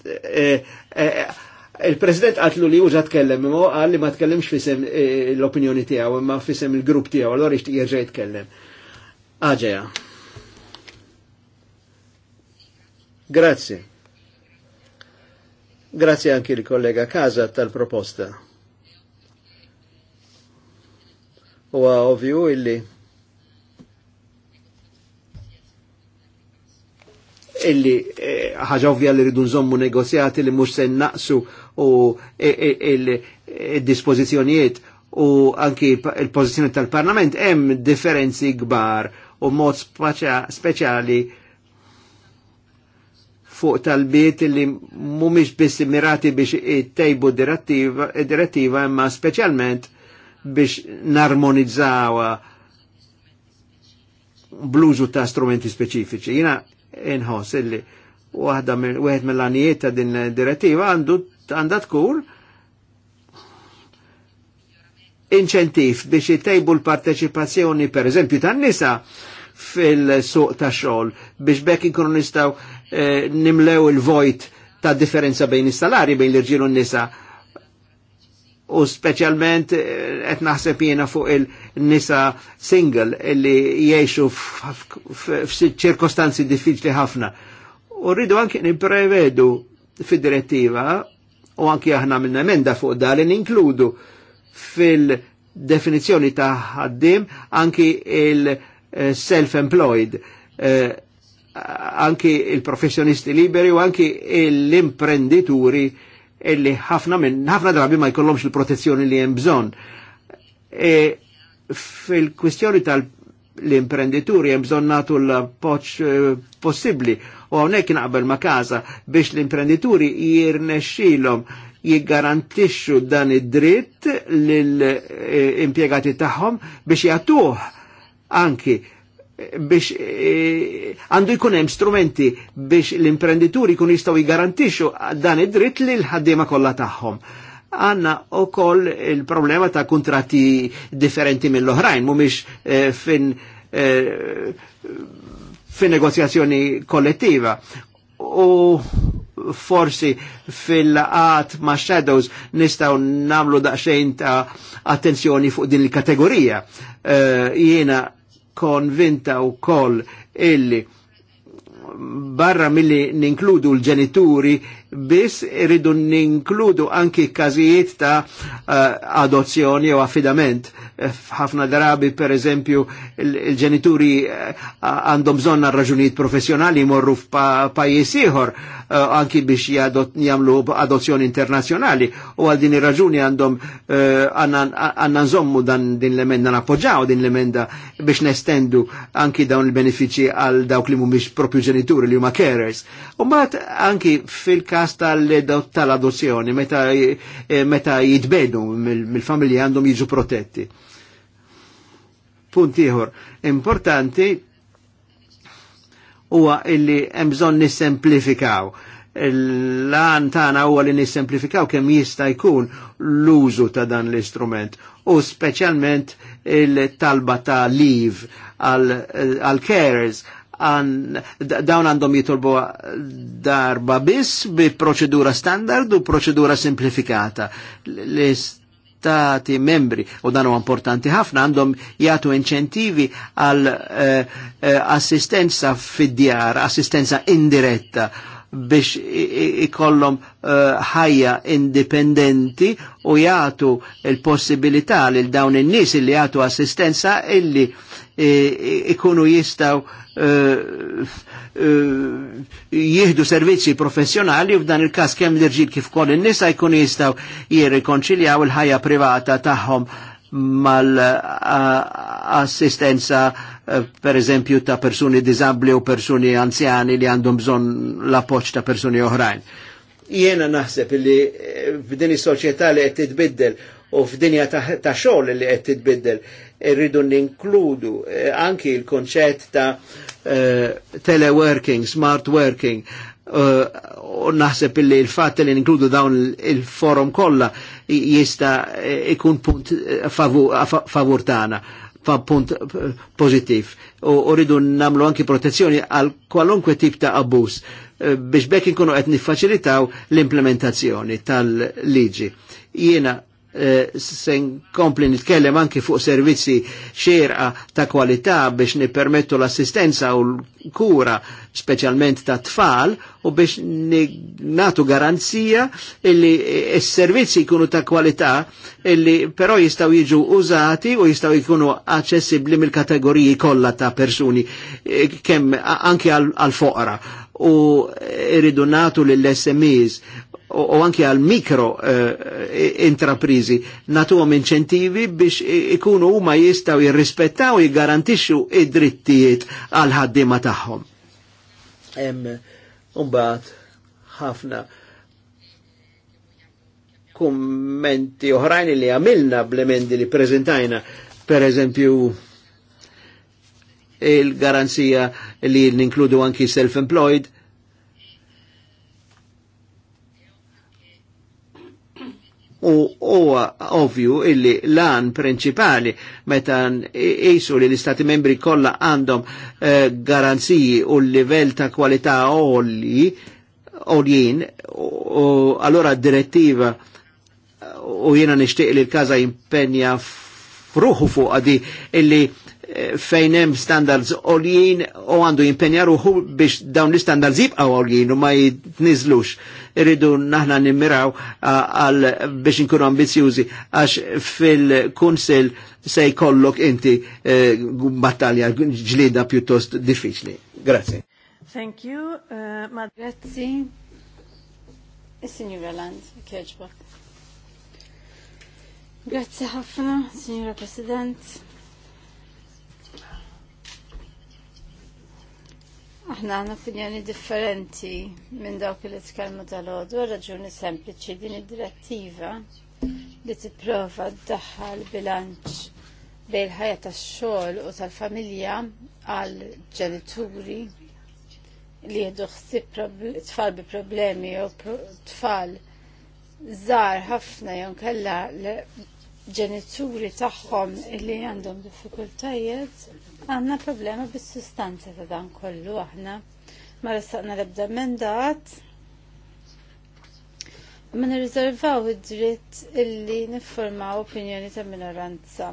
eh, eh, Il-President għatlu li uġa tkellem, imma għal li ma tkellemx fisem eh, l-opinjoni tiegħu, imma fisem il-grupp tiegħu, allora ixtieq jerġa' jitkellem. Aġeja. Grazie. Grazie anki l-kollega Kaza tal-proposta. Huwa ovvju illi illi eh, ħaġa ovvja li rridu nżommu negozjati li mhux se naqsu u e, e, il-dispozizjonijiet e, u anki il-pozizjoni tal-Parlament hemm differenzi kbar u mod speċjali fuq tal-biet li mumiex biss mirati biex tejbu direttiva imma speċjalment biex narmonizzawa bluzu ta' strumenti speċifiċi. Jina nħoss illi waħda wieħed mill-għanijiet ta' din direttiva għandu għandha tkur inċentif biex jitejbu l-parteċipazzjoni per eżempju tan-nisa fil-suq ta' xogħol biex bekk inkunu nistgħu eh, nimlew il-vojt ta' differenza bejn is-salari bejn l-irġiel u nisa u specialment eh, qed naħseb jiena fuq il-nisa single illi jgħixu f'ċirkostanzi diffiċli ħafna U rridu anki niprevedu fil direttiva u anki aħna minn emenda fuq dal ninkludu fil-definizjoni ta' ħaddim anki il-self-employed, eh, anki il-professjonisti liberi u anki l-imprendituri illi ħafna minn ħafna drabi ma jkollhomx il-protezzjoni li hemm bżonn. E, fil-kwistjoni tal- l-imprenditur jem nagħtu l-poċ eh, possibli u għonek naqbel ma kaza biex l-imprendituri jirnexxilhom jiggarantixxu dan id-dritt lill-impjegati tagħhom biex jagħtuh anki biex eh, għandu jkun hemm strumenti biex l-imprenditur jkun jistgħu jgarantixxu dan id-dritt lil ħaddiema kollha tagħhom għanna u koll il-problema ta' kontratti differenti mill-oħrajn, mumiex eh, fin, eh, fin negozjazzjoni kollettiva. U forsi fil għat ma' shadows nistaw namlu daqxejn ta' attenzjoni fuq din il-kategorija. Eh, jiena konvinta u koll illi barra milli ninkludu l-ġenituri biss iridu ninkludu anki każijiet ta' eh, adozzjoni u affidament. Eh, ħafna drabi, per eżempju, il-ġenituri eh, għandhom bżonn raġunijiet professjonali morru f'pajjiż ieħor anki biex jagħmlu adozzjoni internazzjonali u għal din ir-raġuni għandhom għandna nżommu dan din l-emenda nappoġġaw din l-emenda biex nestendu anki dawn il-benefiċi għal dawk li mhumiex propju ġenituri li huma carers. U mbagħad anki fil-każ fil tal-adozzjoni, meta, eh, jitbedu mill-familja għandhom jiġu protetti. Punt ieħor, importanti huwa illi hemm bżonn nissemplifikaw. L-għan tagħna huwa li nissemplifikaw kemm jista' jkun l-użu ta' dan l-istrument u speċjalment il-talba ta' leave għal-carers għan dawn għandhom jitolbu darba biss bi proċedura standard u proċedura simplifikata. L-istati membri, u dan huwa importanti ħafna, għandhom jgħatu inċentivi għal eh, eh, assistenza fid-djar, assistenza indiretta biex ikollhom eh, ħajja uh, indipendenti u jgħatu il possibilità lil dawn in-nies li jgħatu assistenza illi uh, ikunu jistaw eh, eh, jihdu servizzi professjonali u f'dan il-kas kemm l-irġil kif kol in-nisa jkunu jistaw jirrikonċiljaw il-ħajja privata tagħhom mal-assistenza eh, per eżempju ta' persuni disabli u persuni anzjani li għandhom bżon l-appoċ ta' persuni oħrajn. Jiena naħseb li f'din is-soċjetà li qed titbiddel u f'dinja ta' xogħol li qed titbiddel irridu ninkludu eh, anki il-konċett ta' eh, teleworking, smart working, eh, u naħseb illi il-fat li ninkludu dawn il-forum kollha jista eh, ikun punt eh, favur tagħna fa punt pozittiv. U rridu namlu anki protezzjoni għal kwalunkwe tip ta' abbuż biex bekk inkunu qed niffaċilitaw l-implementazzjoni tal-liġi. Jiena Eh, se nkompli nitkellem anki fuq servizzi xerqa ta' kwalità biex nipermettu l-assistenza u l-kura specialment ta' tfal u biex natu garanzija illi eh, s-servizzi jkunu ta' kwalità illi però jistaw jiġu użati u jistaw jkunu aċessibli mill-kategoriji kollha ta' persuni eh, kemm anki għal-foqra u irridu natu l-SMEs u anki għal mikro eh, e, intraprizi natu għom inċentivi biex ikunu huma jistaw jirrispettaw jgarantixu id-drittijiet għal ħaddima taħħom. Em, mbagħad ħafna kummenti uħrajni li għamilna blemendi li prezentajna, per eżempju il-garanzija li ninkludu anki self-employed, u huwa ovvju illi lan prinċipali meta jisu li l-istati membri kollha għandhom eh, garanziji u l-livell ta' kwalità oli oljien u allora direttiva u jiena nixtieq li l-każa jimpenja fruħu fuq għadi illi eh, fejn hemm standards oljien u għandu jimpenja ruħu biex dawn l-standards jibqgħu oljien u ma jitniżlux irridu naħna nimmiraw għal biex nkunu ambizjużi għax fil-kunsil se jkollok inti e, battalja ġlida piuttost diffiċli. Grazie. Thank you. Uh, ma grazzi. Is-Sinjura e Land, kieġbak. Grazzi ħafna, Signora President. Aħna għanna opinjoni differenti minn dawk li tkellmu tal-ħodu, raġuni sempliċi din id-direttiva li tipprova ddaħħal bilanċ bejn ħajja tax-xogħol u tal-familja għal ġenituri li jieħdu ħsieb tfal bi problemi u tfal żgħar ħafna jew kellha ġenituri tagħhom li għandhom diffikultajiet Għanna problema bis-sustanza ta' dan kollu aħna. Ma ressaqna l-ebda mendat. Ma nirriżervaw id-dritt illi niffurmaw opinjoni ta' minoranza.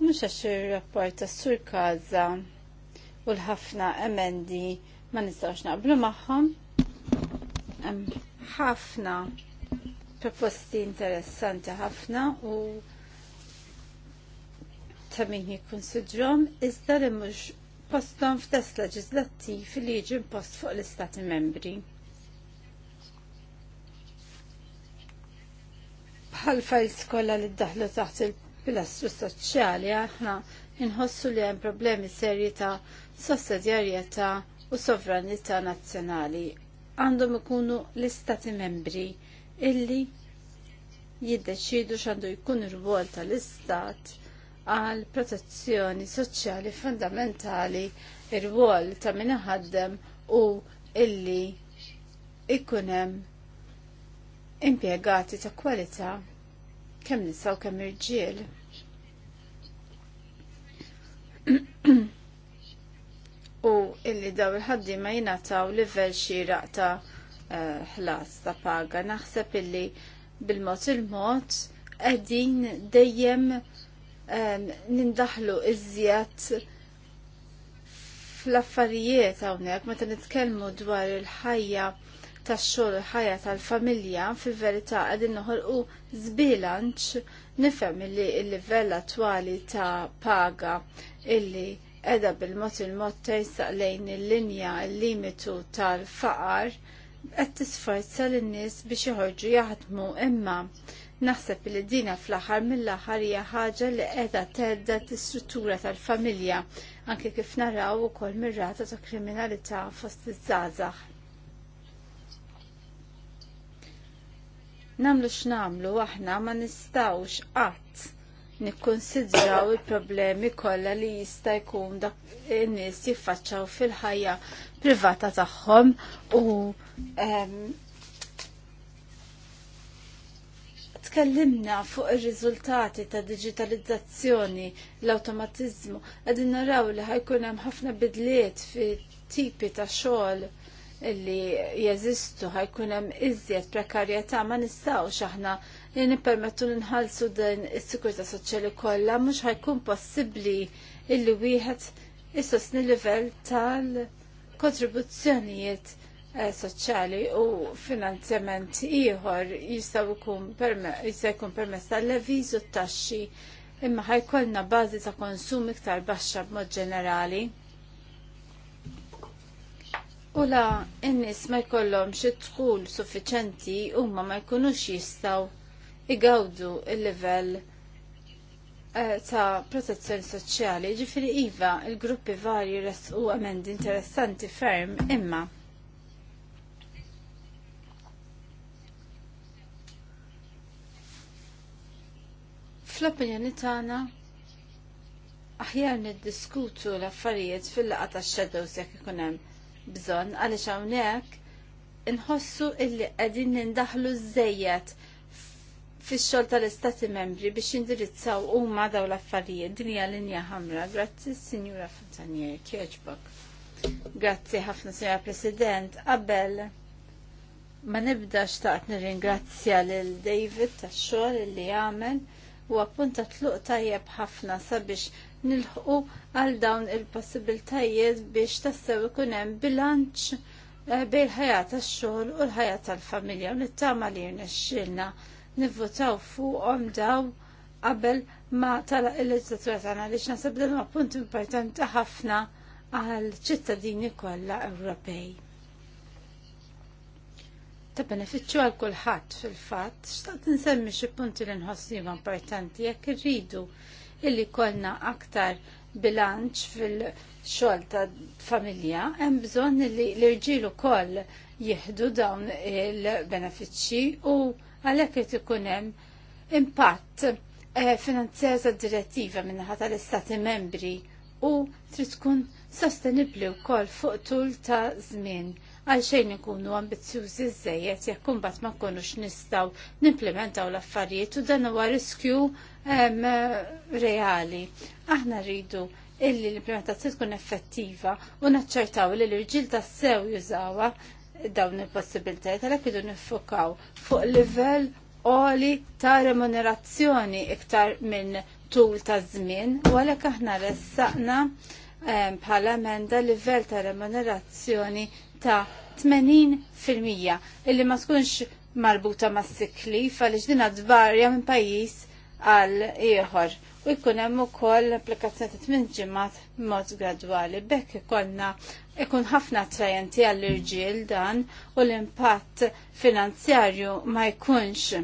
Mux għax ir-rapport ta' sur kaza u l-ħafna emendi ma nistax naqblu magħhom. Ħafna proposti interessanti ħafna u ta' min Sidrom iżda li mhux postom f'test leġislattiv li jiġi impost fuq l-Istati membri. Bħal fajl skolla li ddaħlu taħt il-pilastru soċjali aħna inħossu li hemm problemi serji ta' sussidjarjetà u sovranità nazzjonali għandhom ikunu l-Istati membri illi jiddeċidu x'għandu jkun ir-rwol tal-Istat għal protezzjoni soċjali fundamentali ir-wol ta' min ħaddem u illi ikunem impiegati ta' kwalità kemm nisa u kemm irġiel. u illi daw il-ħaddi ma jinataw livell xiraq ta' eh, ħlas ta' paga. Naħseb illi bil-mod il-mod qegħdin dejjem nindaħlu iżjed fl-affarijiet hawnhekk meta nitkellmu dwar il-ħajja tax-xogħol il-ħajja tal-familja fil-verità qegħdin noħolqu żbilanċ nifhem li l-livell attwali ta' paga illi edha bil-mod il-mod tersaq lejn il-linja il-limitu tal-faqar qed tisforza lin-nies biex joħorġu jaħdmu imma Naħseb li dina fl-aħħar mill-aħħar hija ħaġa li qiegħda tedda t-istruttura tal-familja anke kif naraw ukoll mir-rata ta' kriminalità fost iż-żgħażagħ. Namlu x'namlu aħna ma nistgħux qatt nikkonsidraw il-problemi kollha li jista' jkun dak in-nies jiffaċċaw fil-ħajja privata tagħhom u ehm, Tkellimna fuq ir-riżultati ta' digitalizzazzjoni, l-automatizmu, għadin naraw li ħajkun hemm ħafna bidliet fi tipi ta' xogħol li jeżistu ħajkun hemm iżjed prekarjetà ma nistgħux aħna li nippermettu li nħallsu din is-sikurità soċjali kollha mhux ħajkun possibbli illi wieħed isostni livell tal-kontribuzzjonijiet Eh, soċjali u finanzjament ieħor jistgħu jkun jista' jkun permess tal-leviż u t-taxxi imma ħajkollna bażi ta' konsum iktar baxxa b'mod ġenerali. U la n-nies ma jkollhom xi dħul suffiċenti huma ma jkunux jistgħu igawdu il-livell eh, ta' protezzjoni soċjali, ġifiri iva, il-gruppi varji resqu emendi interessanti ferm imma. Fl-opinjoni tagħna aħjar niddiskutu l-affarijiet fil-laqa tax-shadows jekk ikun hemm bżonn għaliex hawnhekk inħossu illi qegħdin nindaħlu żejjed fix-xogħol tal-Istati Membri biex indirizzaw huma dawn l-affarijiet din hija linja ħamra. Grazzi Sinjura Fontanier, kieġbok. Grazzi ħafna Sinjura President. Qabel ma nibdax taqt nirringrazzja lil David tax-xogħol li għamel u appunta tluq tajjeb ħafna sabiex nilħqu għal dawn il-possibiltajiet biex tassew ikun hemm bilanċ eh, bejn ħajat ħajja tax-xogħol u l-ħajja tal-familja u nittama li jirnexxielna nivvutaw fuqhom daw qabel ma tara il-leġislatura tagħna li x'naħseb dan huwa punt importanti ħafna għal ċittadini kollha Ewropej ta' beneficju għal kulħadd fil-fatt, xtaqt nsemmi xi punti li nħossihom importanti jekk irridu illi kollna aktar bilanċ fil-xogħol ta' familja, hemm bżonn li l-irġiel ukoll jieħdu dawn il-benefiċċji u għalhekk qed ikun hemm impatt eh, finanzjarja direttiva minnaħa tal-Istati membri u trid tkun sostenibbli wkoll fuq tul ta' żmien għalxejn ikunu ambizjużi żejjed jekk kumbat ma konux nistgħu nimplementaw l-affarijiet u dan huwa riskju reali. Aħna rridu illi l-implementazzjoni tkun effettiva u naċċertaw li l-irġiel ta' sew jużawha dawn il-possibilitajiet għalhekk idu niffokaw fuq livell għoli ta' remunerazzjoni iktar minn tul ta' żmien u għalhekk aħna ressaqna bħala emenda livell ta' remunerazzjoni ta' 80% illi ma tkunx marbuta ma' sikli għaliex dina dvarja minn pajjiż għal ieħor u jkun hemm ukoll applikazzjoni ta' tmien ġimgħat mod gradwali. Bekk ikollna ikun ħafna attrajenti għall-irġiel dan u l-impatt finanzjarju ma jkunx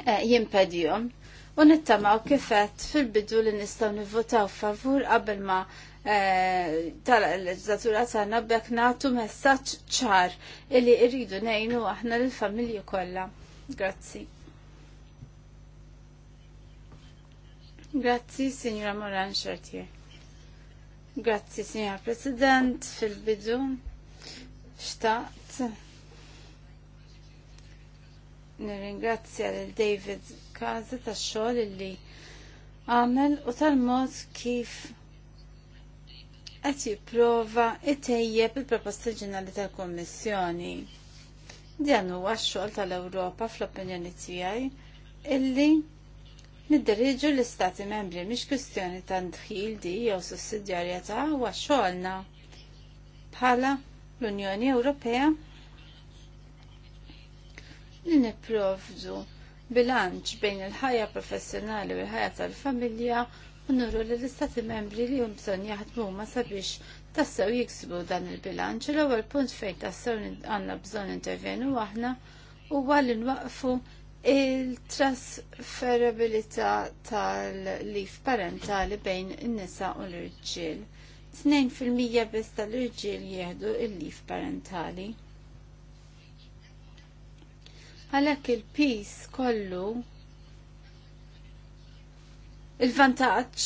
eh, jimpedjom u nittamaw kifet fil-bidu li nistaw nivvotaw favur qabel ma Eh, tal-leġizatura tagħna bekk nagħtu messaġġ ċar illi rridu ngħinu aħna lill familju kollha. Grazzi. Grazzi, Signora Moran Xartier. Grazzi, Signora President, fil-bidu. Xtaqt. Nirringrazzja lil David Kazi tax-xogħol illi għamel u tal-mod kif qed jipprova tejjeb il-proposta ġenerali tal-Kummissjoni. Dan huwa x-xogħol tal-Ewropa fl-opinjoni tiegħi illi nidderriġu l-Istati membri mhix kwestjoni ta' dħil di jew sussidjarjetà huwa xogħolna bħala l-Unjoni Ewropea li nipprovdu bilanċ bejn il-ħajja professjonali u l-ħajja tal-familja u nuru li l-istati membri li jum bżon jaħdmu ma sabiex tassew jiksbu dan il-bilanċ l-ewwel punt fejn tassew għandna bżon intervenu għahna u li nwaqfu il-trasferabilità tal-lif parentali bejn in-nisa u l-irġiel. 2% biss tal-irġiel jieħdu il-lif parentali għalek il-pis kollu Il-vantaġġ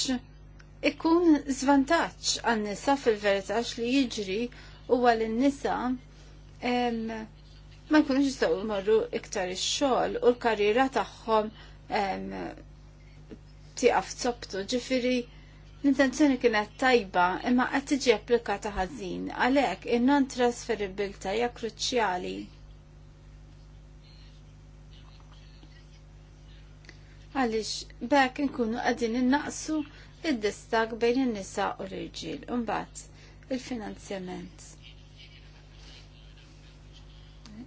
ikun zvantaġġ għan-nisa fil-verità li jiġri huwa għal nisa ma jkunux jistgħu jmorru iktar ix-xogħol u l-karriera tagħhom t sobtu ġifieri L-intenzjoni kienet tajba imma qed tiġi applikata ħażin għalhekk in-non trasferibilità hija kruċjali għaliex bekk inkunu qegħdin innaqsu id-distak bejn in-nisa u l-irġiel. Imbagħad il-finanzjament.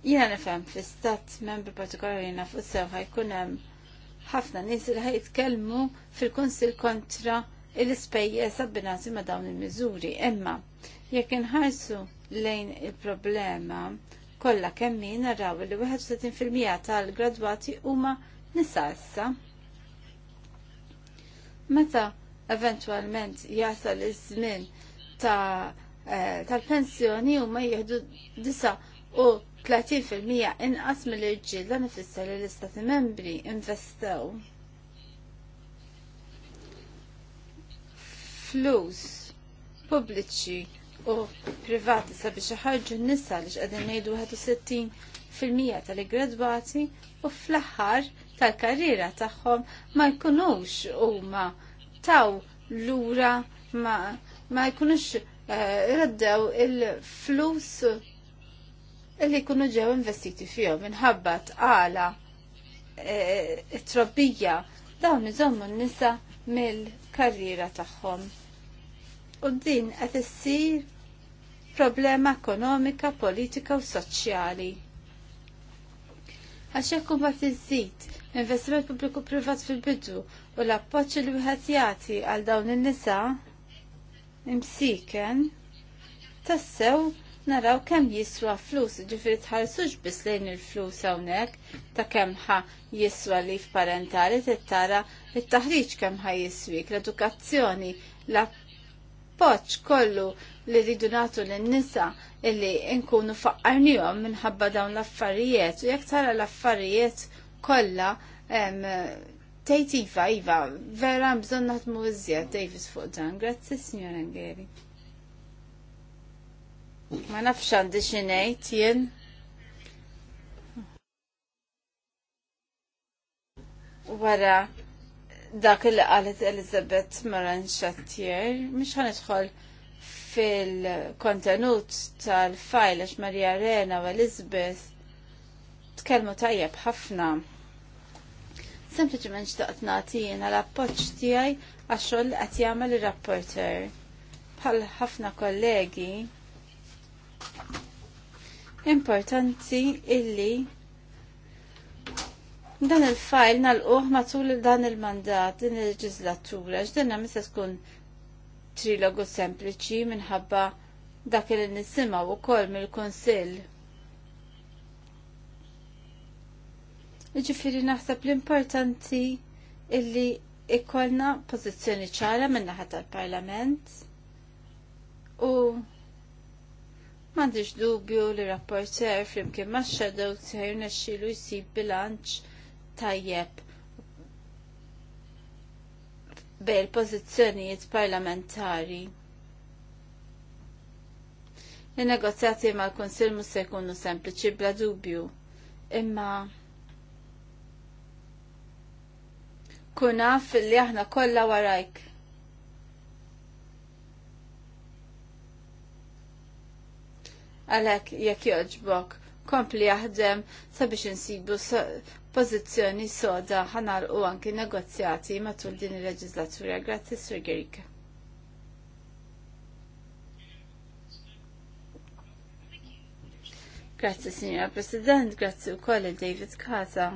Jiena nifhem fl-istat membri partikolari naf u sew ħajkun hemm ħafna nies li ħajtkellmu fil-kunsil kontra l-ispejjeż sabbinati ma' dawn il-miżuri. Imma jekk inħarsu lejn il-problema kollha kemm min naraw li 31% tal-gradwati huma nisa issa. Meta eventualment jasal iż-żmien ta' eh, tal-pensjoni huma jieħdu disa u 30% inqas mill-irġiel dan ifisser li l-Istati Membri investew flus pubbliċi u privati sabiex iħarġu n-nisa li x'qegħdin ngħidu 61 fil-mija tal-igradwati u fl-aħħar tal-karriera tagħhom ma jkunux huma taw lura ma, ma jkunux uh, raddew il-flus li jkunu ġew investiti fihom minħabba tqala uh, eh, trobbija dawn iżommu n-nisa mill-karriera tagħhom. U din qed issir problema ekonomika, politika u soċjali. Għaxekum jekk imbagħad iżid investiment pubbliku privat fil-bidu u l-appoċ li wieħed jagħti għal dawn in-nisa imsiken tassew naraw kemm jiswa flus, ġifieri tħarsux biss lejn il-flus hawnhekk ta' kemm ħa jiswa li f'parentali tittara il taħriġ kemm ħa jiswik, l-edukazzjoni, l-appoċ kollu li rridu nagħtu lin-nisa illi nkunu faqqarnihom minħabba dawn l-affarijiet u jekk tara l-affarijiet kollha tgħid iva, iva, vera bżonn naħdmu iżjed Davis fuq dan. Grazzi, Signor Angeli. Ma nafx għandi xi ngħid jien. Wara dak il qalet Elizabeth Moran Xattier, mhux ħanidħol fil-kontenut tal-fajl għax Marja Rena u Elizabeth tkellmu tajjeb ħafna Sempliċement xtaqt nagħti jiena l-appoġġ tiegħi għax-xogħol qed jagħmel rapporter Bħal ħafna kollegi importanti illi dan il-fajl nal-uħ matul dan il-mandat, din il-ġizlatura, ġdenna misa tkun trilogu sempliċi minħabba dak li nisimaw u kol mill-konsil. Ġifiri naħseb l-importanti illi ikkolna pozizjoni ċara minn naħat tal-Parlament u Mandiġ dubju li rapporter flimkien ma' shadow tiħir nesċilu jisib bilanċ tajjeb bej pozizjonijiet parlamentari. Il-negozjati ma' konsil mus jkunu sempliċi bla dubju, imma kuna fil-li aħna kollha warajk. Għalhekk jekk joġbok, kompli jaħdem sabiex insibu pożizzjoni soda u anki negozjati matul din il-leġislatura. Grazzi Sir Gerika. Grazzi Signora President, grazzi u koll David Kaza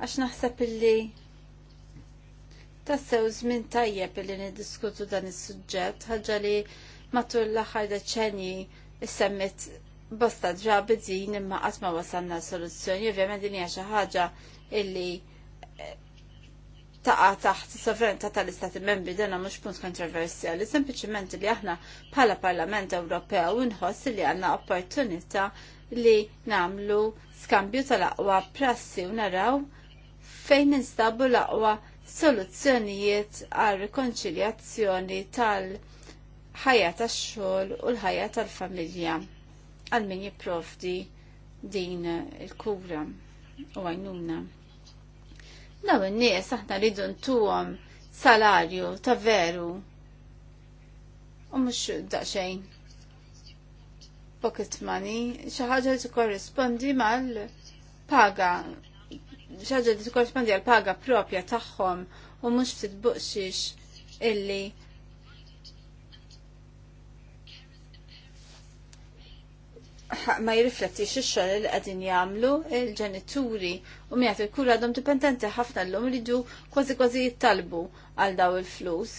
għax naħseb illi tassew żmien tajjeb illi niddiskutu dan is-suġġett ħaġa li matul l-aħħar deċenji semmit bosta ġrabi din imma qatt ma wasalna soluzzjoni. Ovvjament din hija xi ħaġa illi eh, taqa taħt sovranità tal-Istati Membri dena mhux punt kontroversjali, sempliċement li aħna bħala Parlament Ewropew inħoss li għandna opportunità li nagħmlu skambju tal-aqwa prassi u naraw fejn instabu l-aqwa soluzzjonijiet għal rikonċiljazzjoni tal-ħajja tax-xogħol u l-ħajja tal-familja għal min jipprovdi din il-kura u għajnuna. Daw in-nies aħna rridu ntuhom salarju ta' veru u mhux daqsxejn pocket money xi ħaġa li tikkorrispondi mal-paga xaġa li t-korrespondi għal paga propja tagħhom u mhux t illi ma jirriflettix ix-xogħol li qegħdin jagħmlu il-ġenituri u mingħajr il-kura għadhom dipendenti ħafna llum ġu kważi kważi jittalbu għal daw il-flus.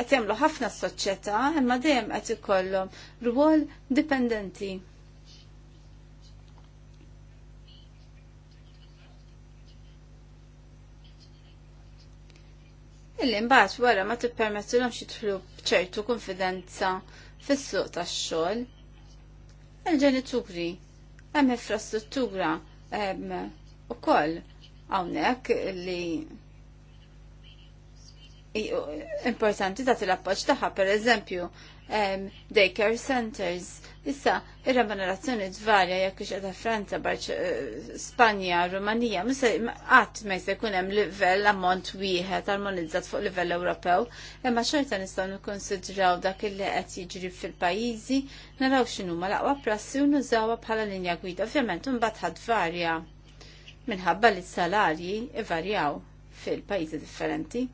Qed jagħmlu ħafna s-soċjetà imma dejjem qed ikollhom rwol dipendenti. illi mbagħad wara ma tippermettilhomx xitflu b'ċertu konfidenza fis-suq tax-xogħol. Il-ġenituri hemm infrastruttura koll għawnek li importanti t-lappoċ taħħa, tagħha pereżempju daycare centers. Issa, ir-remunerazzjoni dvarja jekk ix ta' Franza, barċ eh, Spanja, Rumanija, misa qatt ma jse jkun hemm livell ammont wieħed armonizzat fuq livell Ewropew, imma xorta nistgħu nikkonsidraw dak li qed jiġri fil-pajjiżi, naraw x'inhuma l-aqwa prassi u nużawha bħala linja gwida, ovvjament imbagħad ħadd varja minħabba li s-salarji ivarjaw fil-pajjiżi differenti.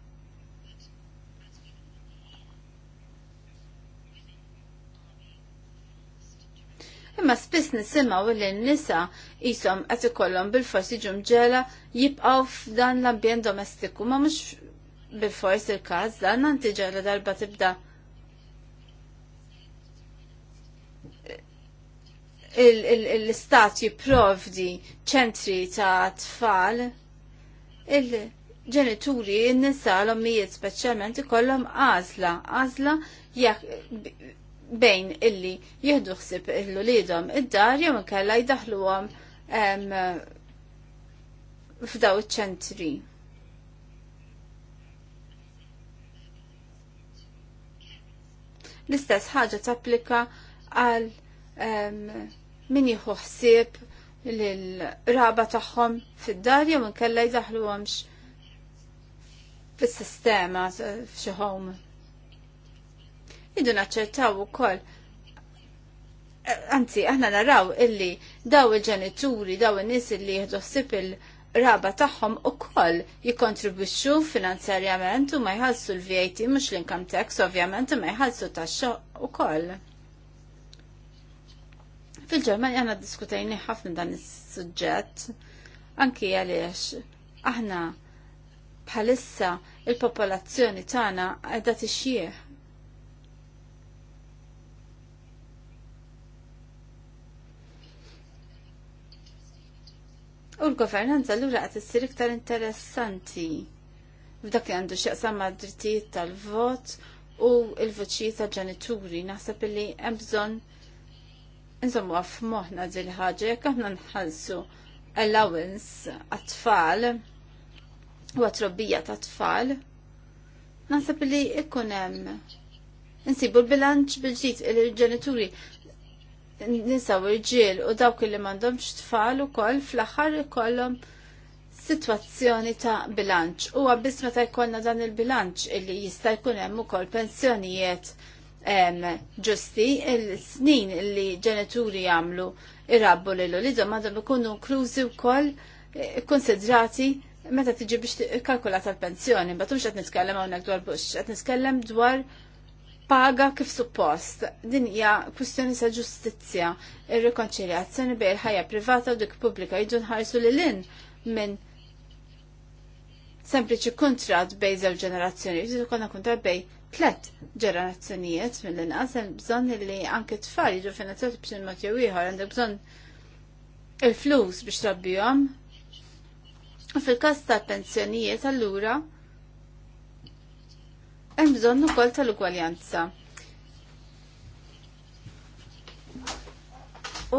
imma spiss nisimgħu li n-nisa qishom qed ikollhom bil-forsi ġumġela jibqgħu f'dan l-ambjent domestiku ma mhux bil-fors il-każ dan nanti ġela darba tibda l-istat jipprovdi ċentri ta' tfal il-ġenituri n-nisa l-ommijiet speċjalment ikollhom għażla għażla jekk bejn illi jihdu xsib illu lidom id-dar jew jidaħlu jdaħluhom f'daw iċ-ċentri. L-istess ħaġa tapplika għal min jieħu ħsieb l-raba tagħhom fid-dar jew inkella jdaħluhomx fis-sistema f'xi home. Idu naċċertaw ukoll eh, anzi, aħna naraw illi daw il-ġenituri, daw il-nis illi jħdossib il-raba taħħom u koll jikontribuċu finanzjarjament u ma jħalsu l-VAT, mux l-income tax, ovvjament, u ma jħalsu taċċa u koll. Fil-ġermani għanna diskutajni ħafna dan il-sujġet, anki għaliex, aħna bħalissa il-popolazzjoni tagħna t tixjieħ U l-governanza l-ura għat issir iktar interessanti f'dak li għandu xieqsam ma' drittijiet tal-vot u il-voċijiet tal-ġenituri. Naħseb li hemm bżonn insomma għaf moħna din ħaġa jekk aħna nħallsu allowance għat-tfal u għat-trobbija ta' tfal. Naħseb li ikun hemm insibu l-bilanċ bil ġit il-ġenituri ninsaw irġiel u dawk li m'għandhomx tfal ukoll fl-aħħar ikollhom sitwazzjoni ta' bilanċ. Huwa biss meta jkollna dan il-bilanċ illi jista' jkun hemm ukoll pensjonijiet ġusti il-snin li ġenituri jagħmlu irabbu lilu li dom għandhom ikunu inklużi wkoll eh, konsidrati meta tiġi biex kalkulata tal-pensjoni, batumx qed nitkellem hawnhekk dwar bux, qed niskellem dwar paga kif suppost. Din hija kwistjoni sa' ġustizzja, ir-rikonċiljazzjoni bejn il-ħajja privata u dik pubblika jiġu nħarsu lil in minn sempliċi kontrat bejn żewġ ġenerazzjoni, jiġu konna kontrat bejn tlet ġenerazzjonijiet mill-inqas hemm bżonn li anke tfal jiġu finanzjati b'xi mod jew ieħor għandek bżonn il-flus biex trabbihom. U fil-każ tal-pensjonijiet allura hemm bżonn ukoll tal-ugwaljanza. U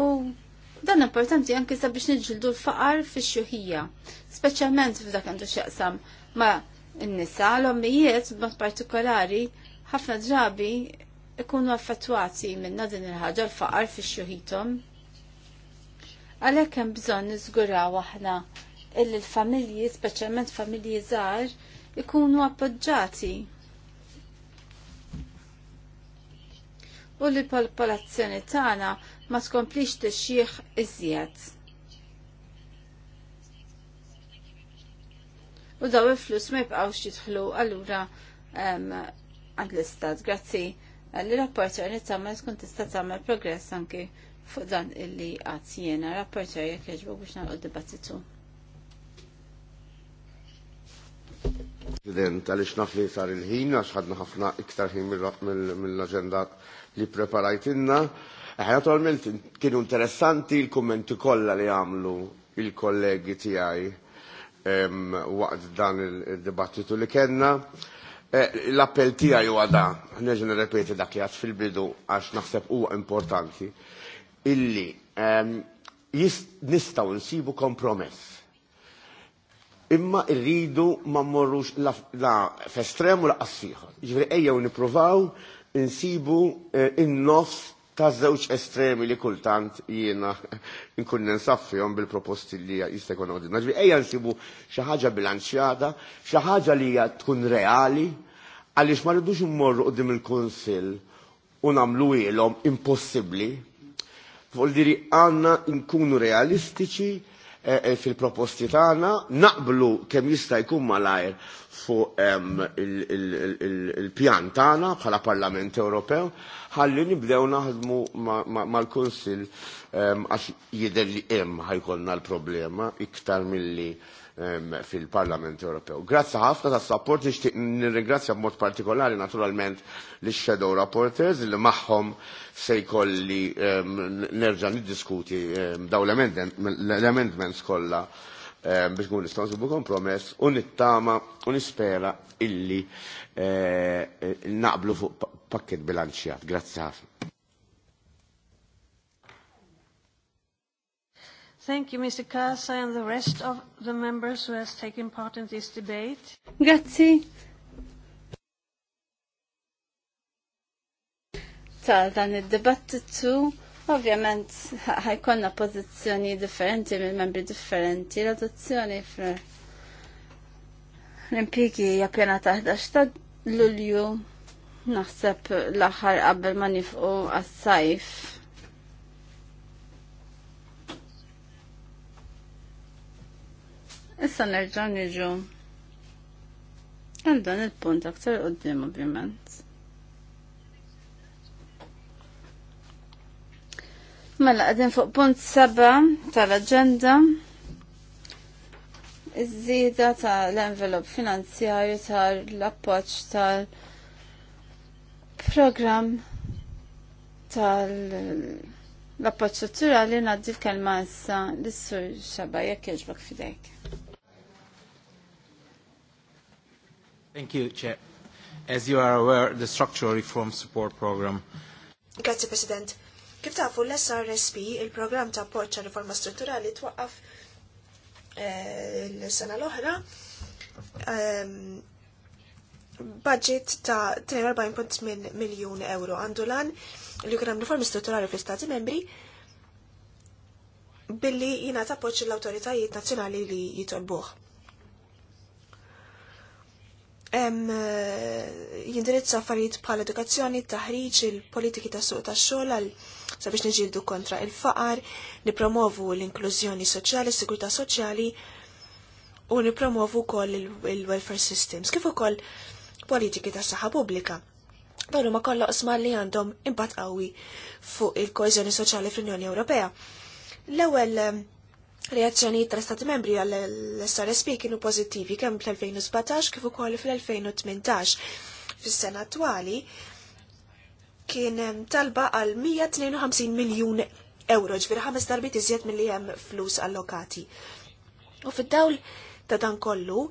dan importanti anke sabiex niġildu l-faqar fix-xuħija, speċjalment f'dak għandu x'jaqsam ma' n-nisa l-ommijiet b'mod partikolari ħafna drabi ikunu affettwati minna din il-ħaġa l-faqar fix-xuħitom. Għalhekk hemm bżonn niżguraw aħna il l-familji, speċjalment familji żgħar, ikunu appoġġati u li pal-palazzjoni tagħna ma tkomplix tixjih iżjed. U daw il-flus ma jibqgħux jidħlu allura għand l-istat. Grazzi li rapporter li tamma tkun tista' tagħmel progress anki fuq dan illi għad jiena rapporter jekk jogħġbu biex nagħlqu dibattitu. President, għalix nafli sar il-ħin, għax ħadna ħafna iktar ħin mill-agenda li preparajtinna. Eh, naturalment kienu interessanti l-kummenti kollha li għamlu il-kollegi tiegħi waqt dan il-dibattitu li kellna. Eh, l-appell tiegħi huwa da, neġa nirrepeti dak li għad fil-bidu għax naħseb huwa importanti, illi nistgħu nsibu kompromess imma irridu ma morrux la, la f'estrem u laqqas fiħor. Ġveri ejja niprovaw insibu eh, in-nofs ta' żewġ estremi li kultant jiena nkun nsaffihom bil-proposti li jista' jkun għodin. Ġbi ejja nsibu xi ħaġa bilanċjata, xi ħaġa li hija tkun reali, għaliex ma rridux immorru qudiem il-Kunsill u nagħmlu ilhom impossibbli. diri għanna nkunu realistiċi E, e fil-proposti tagħna naqblu kemm jista' jkun malajr fuq il-pjan tagħna bħala Parlament Ewropew ħalli nibdew naħdmu mal-Kunsill għax jidher li hemm ħajkollna l-problema iktar milli Ehm, fil-Parlament Ewropew. Grazzi ħafna ta' support nixtieq nirringrazzja b'mod partikolari naturalment li shadow rapporters li magħhom se jkolli ehm, nerġa' niddiskuti ehm, daw l-amendments kollha biex kun nistaw nsibu kompromess u nittama u nispera illi eh, naqblu fuq pakket bilanċjat. Grazzi ħafna. Thank you, Mr. Casa, and the rest of the members who has taken part in this debate. Grazzi. Ta' dan id-dibattitu, ovvjament, ħajkonna pozizjoni differenti minn membri differenti. L-adozzjoni fr l-impiki japjena taħdax ta' lulju naħseb l-axar qabel ma nifqu għas-sajf. Issa nerġaw niġu għal dan il-punt aktar qoddim ovvjament. Mela qegħdin fuq punt seba tal-aġenda iż-żieda tal-envelop finanzjarju tal-appoġġ tal-programm tal-appoġġ strutturali ngħaddi l-kelma issa lis-sur xaba jekk jogħġbok fidejk. Thank you, Chair. As you are aware, the Structural Reform Support Program. Grazie, President. Kif tafu l-SRSP, il-programm ta' appoċċa riforma strutturali twaqqaf eh, l-sena l-oħra ehm, budget ta' 43.8 miljon euro għandu lan li kien hemm riformi strutturali fl-Istati membri billi ta' appoġġ l-awtoritajiet nazzjonali li jitolbuh. Eh, jindirizza affarijiet bħal edukazzjoni, taħriġ, il-politiki ta' suq ta' xogħol għal sabiex niġildu kontra il-faqar, nipromovu l-inklużjoni soċjali, s sigurtà soċjali u nipromovu wkoll il-welfare systems, kif ukoll politiki ta' saħħa pubblika. Dawn huma kollha qosma li għandhom impatt qawwi fuq il koeżjoni soċjali fl-Unjoni Ewropea. L-ewwel Reazzjoni tra stati membri għall-SRSP kienu pozittivi kemm fl-2017 kif ukoll fl-2018. Fis-sena attwali kien talba għal 152 miljun euro, ġviri ħames darbit iżjed milli hemm flus allokati. U fid-dawl ta' dan kollu,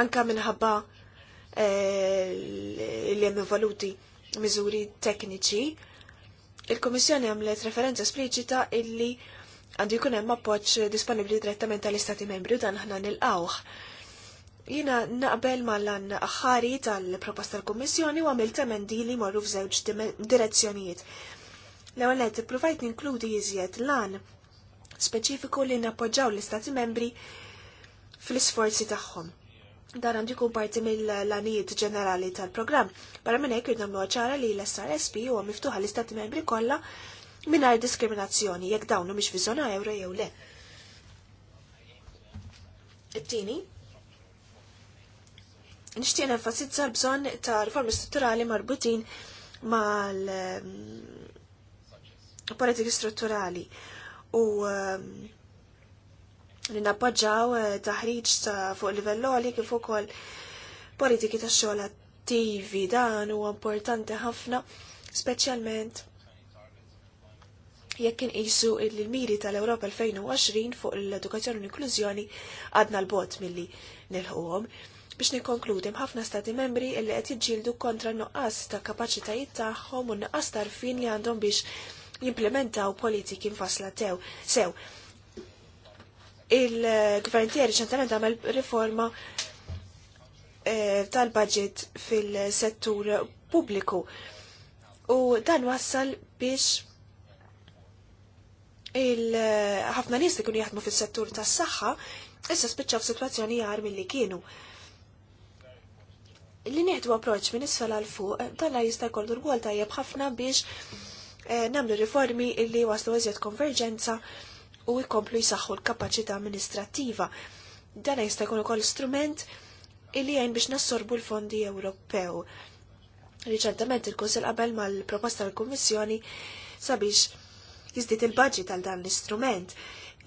anka minħabba eh, li hemm valuti miżuri tekniċi, Il-Komissjoni għamlet referenza spliċita illi għandu jkun hemm appoġġ disponibbli direttament tal-Istati Membri u dan aħna nilqawh. Jina naqbel mal lan aħħari tal-proposta tal kummissjoni u għamil temendi li morru f'żewġ direzzjonijiet. L-ewwel qed ippruvajt ninkludi iżjed lan speċifiku li nappoġġaw l-Istati Membri fl-isforzi tagħhom dan għandu jkun parti mill-lanijiet ġenerali tal-programm. Barra minn hekk nagħmlu ċara li l-SRSP huwa miftuħa l-Istati Membri kollha mingħajr diskriminazzjoni jekk dawn mhumiex fiżona euro jew le. It-tieni nixtieq enfasizza l-bżonn ta' riformi strutturali marbutin mal ehm, politiki strutturali u um, li nappoġġaw eh, taħriġ ta fuq livell għali kif ukoll politiki ta' xogħol attivi dan huwa importanti ħafna, speċjalment jekk inqisu il-miri tal-Ewropa 2020 fuq l-edukazzjoni u l-inklużjoni għadna l-bot milli nilħuhom. Biex nikkonkludi ħafna stati membri illi qed jiġġieldu kontra nuqqas ta' kapaċitajiet tagħhom u nuqqas tarfin li għandhom biex jimplementaw politiki mfasla tew sew il-gvern tiegħi riċentament għamel riforma eh, tal-budget fil-settur pubbliku. U dan wassal biex il-ħafna nies li jaħdmu fis-settur tas-saħħa issa spiċċaw f'sitwazzjoni jar mill-li kienu. Li nieħdu approċċ minn isfel għal fuq dan jista' jkollu rgwol tajjeb ħafna biex eh, nagħmlu riformi li waslu eżjed konverġenza u jkomplu jisaxħu l kapacita amministrattiva. Dan jista' jkun ukoll strument illi jgħin biex nassorbu l-fondi Ewropew. Riċentament il konsil qabel mal-proposta tal-Kummissjoni sabiex jiżdied il-budget għal dan l-istrument.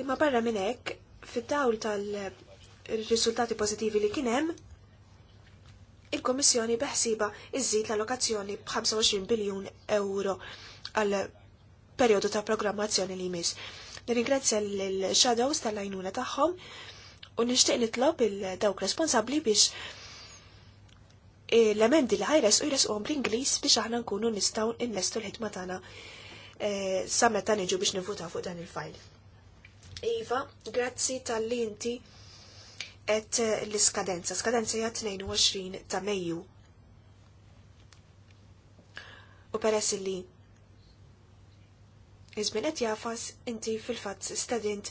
Imma barra minn hekk, fid-dawl tal-riżultati pożittivi li kien hemm, il-Kommissjoni beħsiba iżżid l-allokazzjoni b'25 biljun euro għal periodu ta' programmazzjoni li jmiss. Nirringrazzja l-shadows tal-għajnuna tagħhom u nixtieq nitlob il-dawk responsabbli biex l-emendi li ħajres u jres u bl-Inglis biex aħna nkunu nistaw innestu l-ħidma tagħna eh, sa meta niġu biex nivvuta fuq dan il-fajl. Iva, grazzi tal-li inti et l-iskadenza. Skadenza hija 22 ta' Mejju. U peress li Iżmin qed jafas inti fil-fatt stadint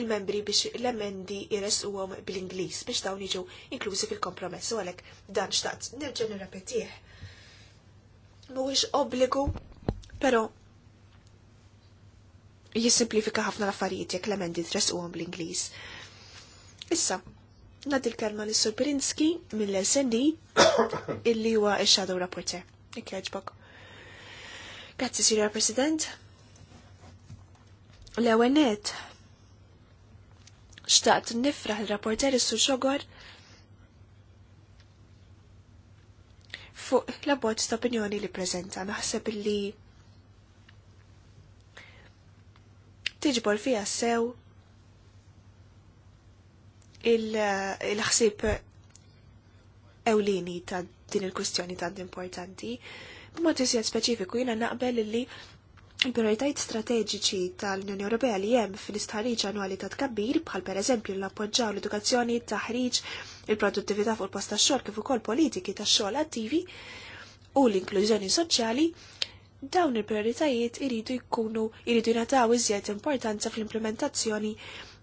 il-membri biex l-emendi għom bl-Ingliż biex dawn jiġu inklużi fil-kompromess u għalhekk dan xtaqt nerġa' nirrepetih. Mhuwiex obbligu, però jissimplifika ħafna l-affarijiet jekk l-emendi tresquhom bl-Ingliż. Issa, nad il-kelma li Surprinski mill-SND illi huwa ix-Shadow Rapporter. Ikkeġbok. Grazzi, Sirja President. L-ewenet, xtaqt nifraħ il-rapporteri su xogor fuq la abbozz ta' opinjoni li prezenta. Naħseb li tiġbor fija sew il-ħsib ewlini ta' din il-kustjoni ta' importanti. B'mod iżjed speċifiku jina naqbel li il prioritajiet strateġiċi tal-Unjoni Ewropea li hemm fil-istħarriġ annwali ta' tkabbir bħal pereżempju l-appoġġaw l-edukazzjoni, taħriġ, il-produttività fuq il-post xogħol kif ukoll politiki tax-xogħol attivi u l-inklużjoni soċjali, dawn il-prioritajiet iridu jkunu iridu jingħataw iżjed importanza fl-implementazzjoni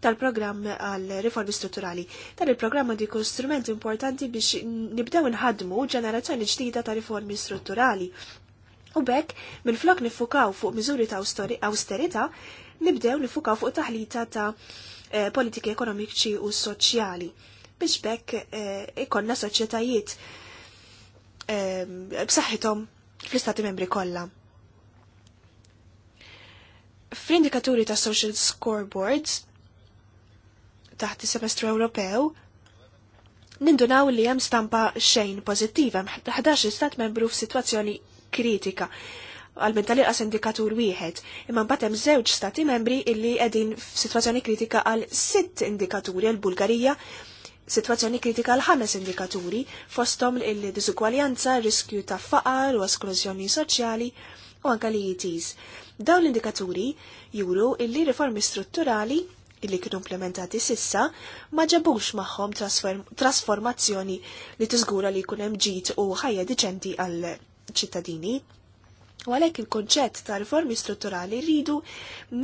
tal-programm għal riformi strutturali. Dan il-programm għandu jkun strument importanti biex nibdew nħadmu ġenerazzjoni ġdida ta' riformi strutturali U bekk, minn flok nifukaw fuq miżuri ta' austerita, nibdew nifukaw fuq taħlita ta' eh, politiki ekonomiċi u soċjali. Biex bekk eh, ikonna soċjetajiet eh, b'saħħithom fl-istati membri kollha. Fl-indikaturi ta' social scoreboard taħt is-semestru Ewropew nindunaw li hemm stampa xejn pożittiva 11 stat membru f'sitwazzjoni kritika għal minn tal-irqa sindikatur wieħed, imma mbagħad hemm żewġ stati membri illi qegħdin f'sitwazzjoni kritika għal sitt indikaturi għal Bulgarija, sitwazzjoni kritika għal ħames indikaturi, fosthom il disugwaljanza riskju ta' faqar u esklużjoni soċjali u anke li jitiz. Dawn l-indikaturi juru illi riformi strutturali illi kienu implementati sissa ma ġabux magħhom trasformazzjoni li tiżgura li jkun hemm ġid u ħajja diċenti għal ċittadini. U għalhekk il-konċett ta' riformi strutturali rridu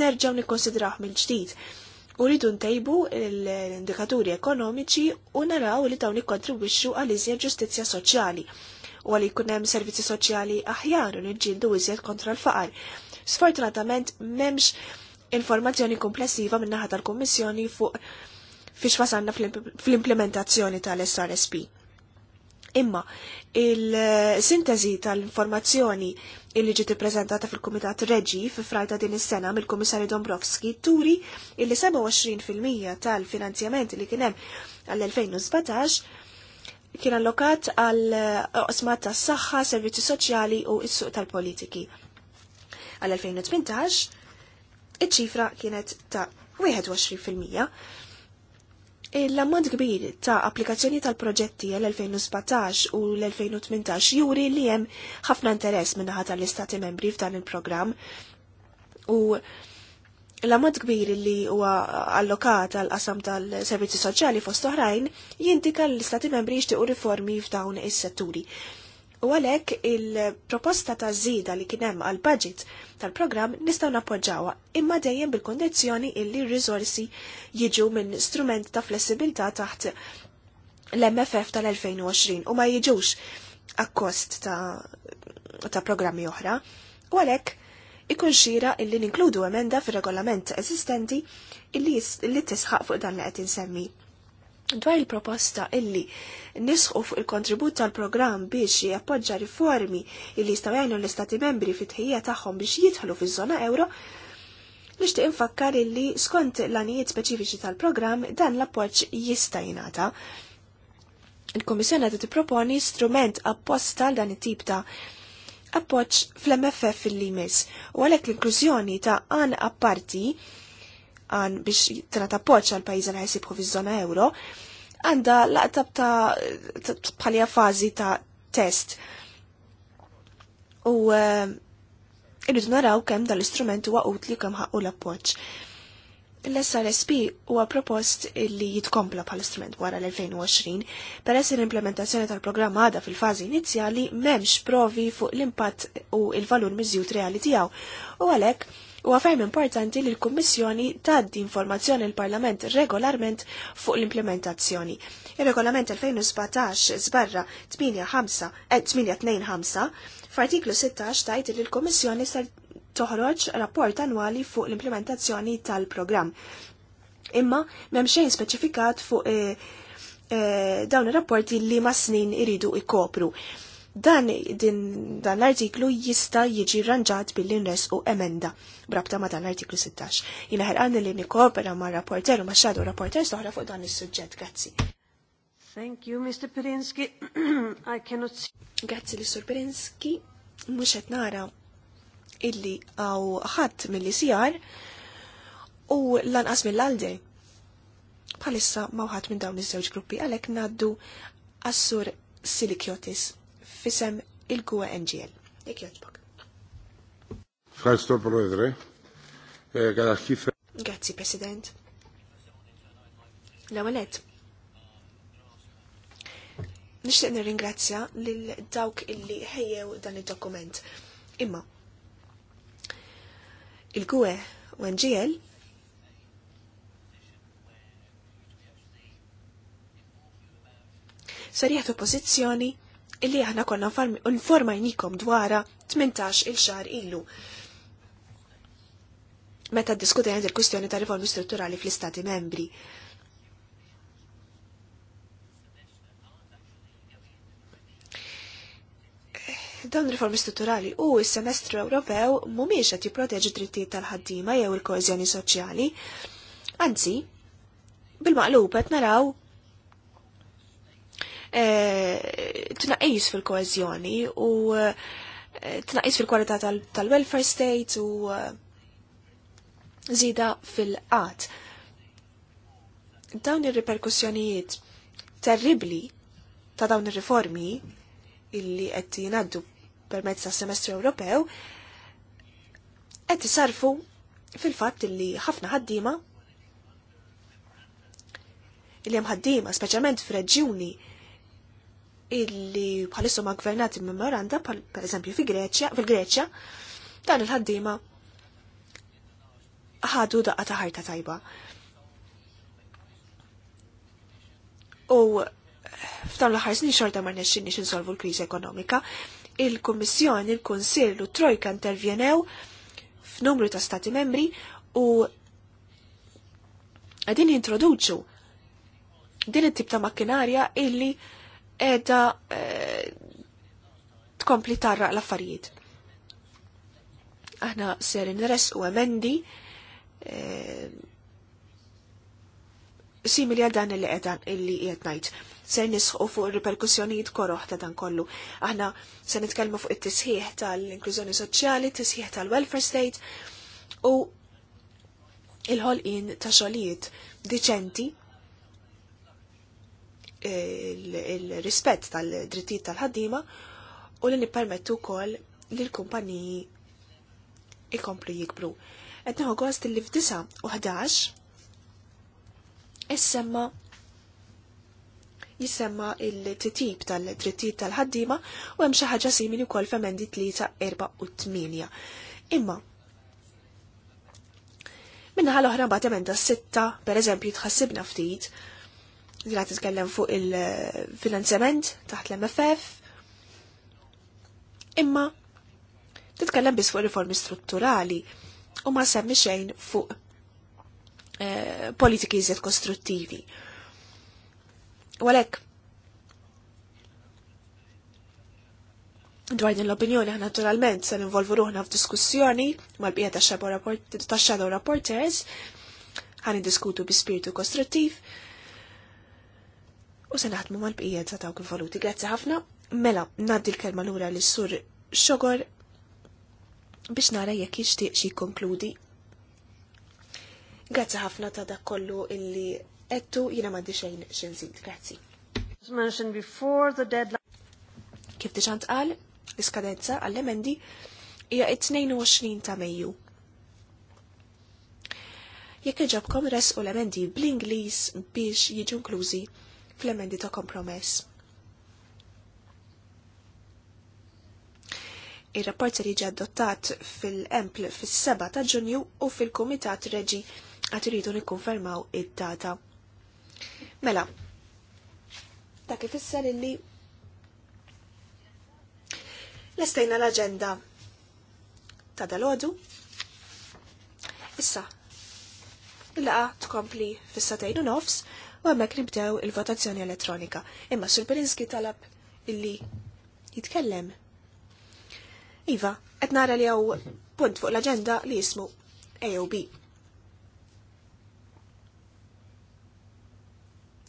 nerġgħu nikkonsidrah mill-ġdid. U rridu ntejbu l-indikaturi ekonomiċi u naraw li dawn ikkontribwixxu għal iżjed ġustizzja soċjali u għal jkun hemm servizzi soċjali aħjar u niġġieldu iżjed kontra l-faqar. Sfortunatament m'hemmx informazzjoni komplessiva min-naħa tal-Kummissjoni fuq fiex wasanna fl-implementazzjoni tal-SRSP imma il-sintesi tal-informazzjoni illi ġiet ippreżentata fil-Kumitat Reġi fi frajta din is-sena mill-Kummissarju Dombrovski turi illi 27% tal-finanzjament li kien hemm għall-2017 kien allokat għal osmat tas-saħħa, servizzi soċjali u s-suq tal-politiki. Għal 2018 iċ-ċifra kienet ta' 21%. L-ammont kbir ta' applikazzjoni tal-proġetti l-2017 u l-2018 juri li hemm ħafna interess ħata tal-istati membri f'dan il-programm u l-ammont kbir li huwa allokat għal qasam tal-servizzi soċjali fost oħrajn jindika l-istati membri jixtiequ riformi f'dawn is-setturi. U għalek il-proposta ta' zida li kienem għal budget tal-program nistaw napoġawa imma dejjem bil-kondizzjoni illi r-risorsi jiġu minn strument ta' flessibilità taħt l-MFF tal-2020 u ma jiġux akkost ta', ta programmi oħra. U għalek ikun xira illi ninkludu emenda fir-regolament eżistenti illi, illi tisħaq fuq dan li qed insemmi dwar il-proposta illi nisħu fuq il-kontribut tal-programm biex jappoġġa riformi illi jistgħu jgħinu l-istati membri fit-tħija tagħhom biex jidħlu fiż-żona euro, nixtieq infakkar illi skont l-anijiet speċifiċi tal-programm dan l-appoġġ jista' jingħata. Il-Kummissjoni qed tipproponi strument apposta għal dan it-tip ta' appoġġ fl-MFF fil-limis u għalhekk l-inklużjoni ta' għan apparti għan biex tena tappoċ għal pajiz għal ħajsibħu fiż-żona euro, għanda laqtab ta' bħalija fazi ta' test. U eh, irridu naraw kemm dal-istrument huwa utli kemm ħaqqu l-appoġġ. L-SRSP huwa propost li jitkompla bħal istrument wara l-2020 peress l-implementazzjoni tal-programm għada fil-fażi inizjali m'hemmx provi fuq l-impatt u l-valur miżjut reali tiegħu u għalhekk U għafem importanti li l-Kommissjoni taddi informazzjoni l-Parlament regolarment fuq l-implementazzjoni. Il-Regolament 2017 zbarra 825 eh, f'artiklu 16 tajt li l-Kommissjoni sar toħroġ rapport annwali fuq l-implementazzjoni tal-programm. Imma memxejn speċifikat fuq eh, eh, dawn ir-rapporti li ma' snin iridu ikopru. Dan din dan l-artiklu jista' jiġi ranġat billi inres u emenda brabta ma dan l-artiklu 16. Jina ħerqan li nikopera ma' rapporter u ma' xadu rapporter soħra fuq dan is-suġġett. Grazzi. Thank you, Mr. Perinski. I cannot see. Grazzi li Sur Perinski, Mhux qed nara illi għaw ħadd mill-li sijar u lanqas mill-alde. Bħalissa ma ħadd minn dawn iż-żewġ gruppi għalhekk ngħaddu għassur sur Silikjotis fisem il kua NGL. Jek jodbog. Fħarsto, Grazzi, President. L-għalet. Nishtiq nirringrazzja lil dawk illi ħejjew dan il-dokument. Imma, il-gwe u NGL sarjatu pozizjoni illi aħna konna informajnikom dwara 18 il-xar illu. Meta diskutajna il-kustjoni ta' riformi strutturali fl-Istati membri. dawn riformi strutturali u s-semestru Ewropew mhumiex qed jipproteġi drittijiet tal-ħaddiema jew il-koeżjoni soċjali. Anzi, bil-maqlub qed naraw Eh, tnaqis fil-koezjoni u eh, tnaqis fil-kwalità tal-welfare state u eh, zida fil-qat. Dawn ir-reperkussjonijiet terribli ta' dawn ir-riformi illi qed jingħaddu permezz tas semestru Ewropew qed isarfu fil-fatt illi ħafna ħaddiema illi hemm ħaddiema speċjalment f'reġjuni illi bħalissu ma' gvernati minn Miranda, per eżempju fi Greċja, fil-Greċja, dan il-ħaddima ħadu daqqa ta' ħarta tajba. U f'dan l-ħar snin xorta ma nexxinni xinsolvu l-kriżi ekonomika, il-Kummissjoni, il-Kunsill u Trojka intervjenew f'numru ta' stati membri u għedin jintroduċu din it-tip ta' makkinarja illi edha eh, tkompli tarraq l-affarijiet. Aħna ser inres u emendi eh, simili għadan dan illi qedan illi qiegħed ngħid. Se nisħu fuq ir-reperkussjonijiet koroħ ta' dan kollu. Aħna se nitkellmu fuq it tisħieħ tal-inklużjoni soċjali, t-tisħieħ tal-welfare state u il-ħolqien ta' xolijiet diċenti il-rispett tal-drittijiet tal-ħaddima u li nippermettu wkoll li l-kumpaniji ikomplu jikbru. Etniħu għost li li f'disa u ħdax jissemma jissemma il-titib tal-drittijiet tal-ħaddima u hemm xi ħaġa simili wkoll f'emendi tlieta erba' u 8. Imma Minna ħal oħra mbagħad emenda sitta, pereżempju tħassibna ftit, dila tkellem fuq il-finanzjament taħt l-MFF imma titkellem biss fuq riformi strutturali u ma semmi xejn fuq eh, politiki iżjed kostruttivi. għalek, dwar din l-opinjoni ħna naturalment se involvu ruħna f'diskussjoni mal-bija ta' shadow rapporters, ħan diskutu bi spiritu kostruttiv, u se naħdmu mal-bqija ta' dawk il-valuti. Grazzi ħafna, mela naddi l-kelma lura lis sur xogor biex nara jekk jixtieq xi konkludi. Grazzi ħafna ta' dak kollu illi qedtu jiena m'għandi xejn xinżid. Grazzi. Kif diġant qal, l-iskadenza għall-emendi hija 22 ta' Mejju. Jekk iġobkom res u l-emendi bl-Ingliż biex jiġu inklużi fl-emendi ta' kompromess. Ir-rapport se jiġi adottat fil-empl fis-7 ta' Ġunju u fil-Kumitat Reġi għad iridu nikkonfermaw id-data. Mela, dak ifisser illi lestejna l-aġenda ta' dalodu. Issa, il-laqa tkompli fis-satejn u nofs u għamek nibdew il-votazzjoni elettronika. Imma Sulperinski talab illi jitkellem. Iva, qed nara li hawn punt fuq l-aġenda li jismu AOB.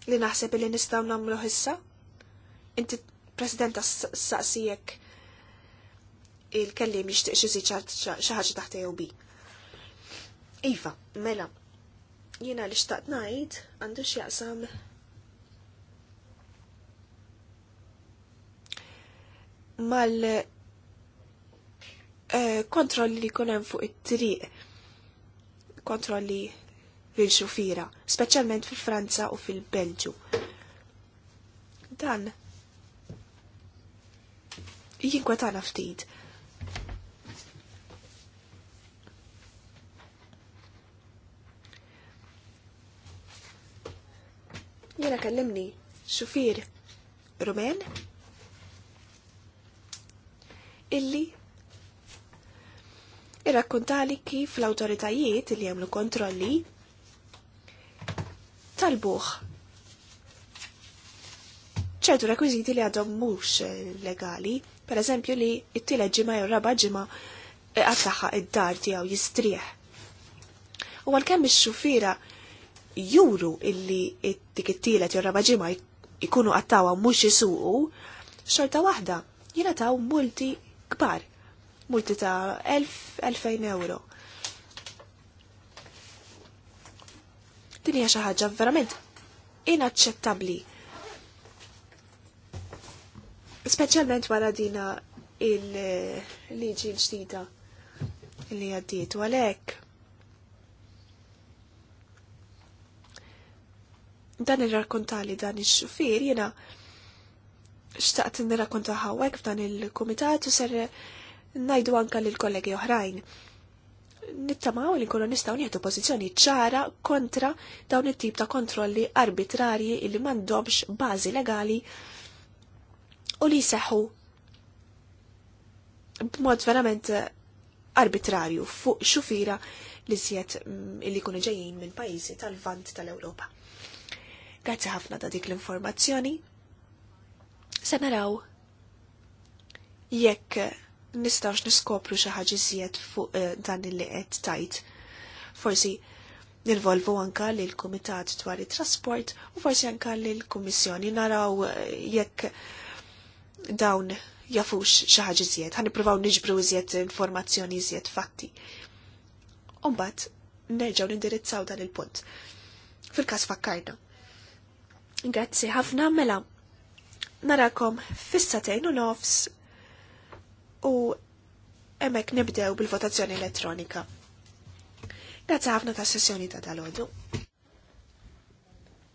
Li naħseb li nistgħu namlu issa? Inti s saqsijek il-kellim jixtieq xi ħaġa taħt AOB. Iva, mela, jiena li xtaqt ngħid għandu x'jaqsam mal eh, kontrolli li jkun hemm fuq it-triq, kontrolli fil-xufira, speċjalment fil-Franza u fil-Belġu. Dan, jinkwetana ftit. Jena kellimni xufir rumen illi irrakkontali kif l-autoritajiet li jagħmlu kontrolli tal-buħ ċertu rekwiziti li għadhom mhux legali, per eżempju li it tile ġimgħa jew raba ġimgħa eh, għattaħħa id-dar tiegħu jistrieħ. U għalkemm ix-xufiera juru illi it-tielet jew raba ġimgħa ikunu qattawa mhux isuqu, xorta waħda jingħataw multi kbar, multi ta' 1000-2000 euro. Din hija xi ħaġa verament inaċċettabbli. Speċjalment wara dina il-liġi l-ġdida li għaddiet u għalhekk dan ir-rakkontali dan ix-xufier jena xtaqt nirrakkonta hawnhekk f'dan il-kumitat u ser ngħidu anka l kollegi oħrajn. Nittamaw li nkunu nistgħu nieħdu pożizzjoni ċara kontra dawn it-tip ta' kontrolli arbitrarji li m'għandhomx bażi legali u li seħu b'mod verament arbitrarju fuq xufira li zjed mm, li kunu ġejjin minn pajjiżi tal-vant tal-Ewropa. Grazzi ħafna ta' dik l-informazzjoni. Se naraw jekk nistax niskopru xi ħaġa iżjed fuq eh, dan li qed tajt. Forsi nilvolvu anka lil kumitat dwar it-trasport u forsi anka lil kummissjoni naraw eh, jekk dawn jafux xi ħaġa iżjed, Ħa nippruvaw niġbru iżjed informazzjoni iżjed fatti. Umbagħad nerġgħu nindirizzaw dan il-punt. Fil-każ fakkarna. Grazzi ħafna mela. Narakom fissatejn u nofs u emek nibdew bil-votazzjoni elettronika. Grazzi ħafna ta' sessjoni ta' dal-ħodu.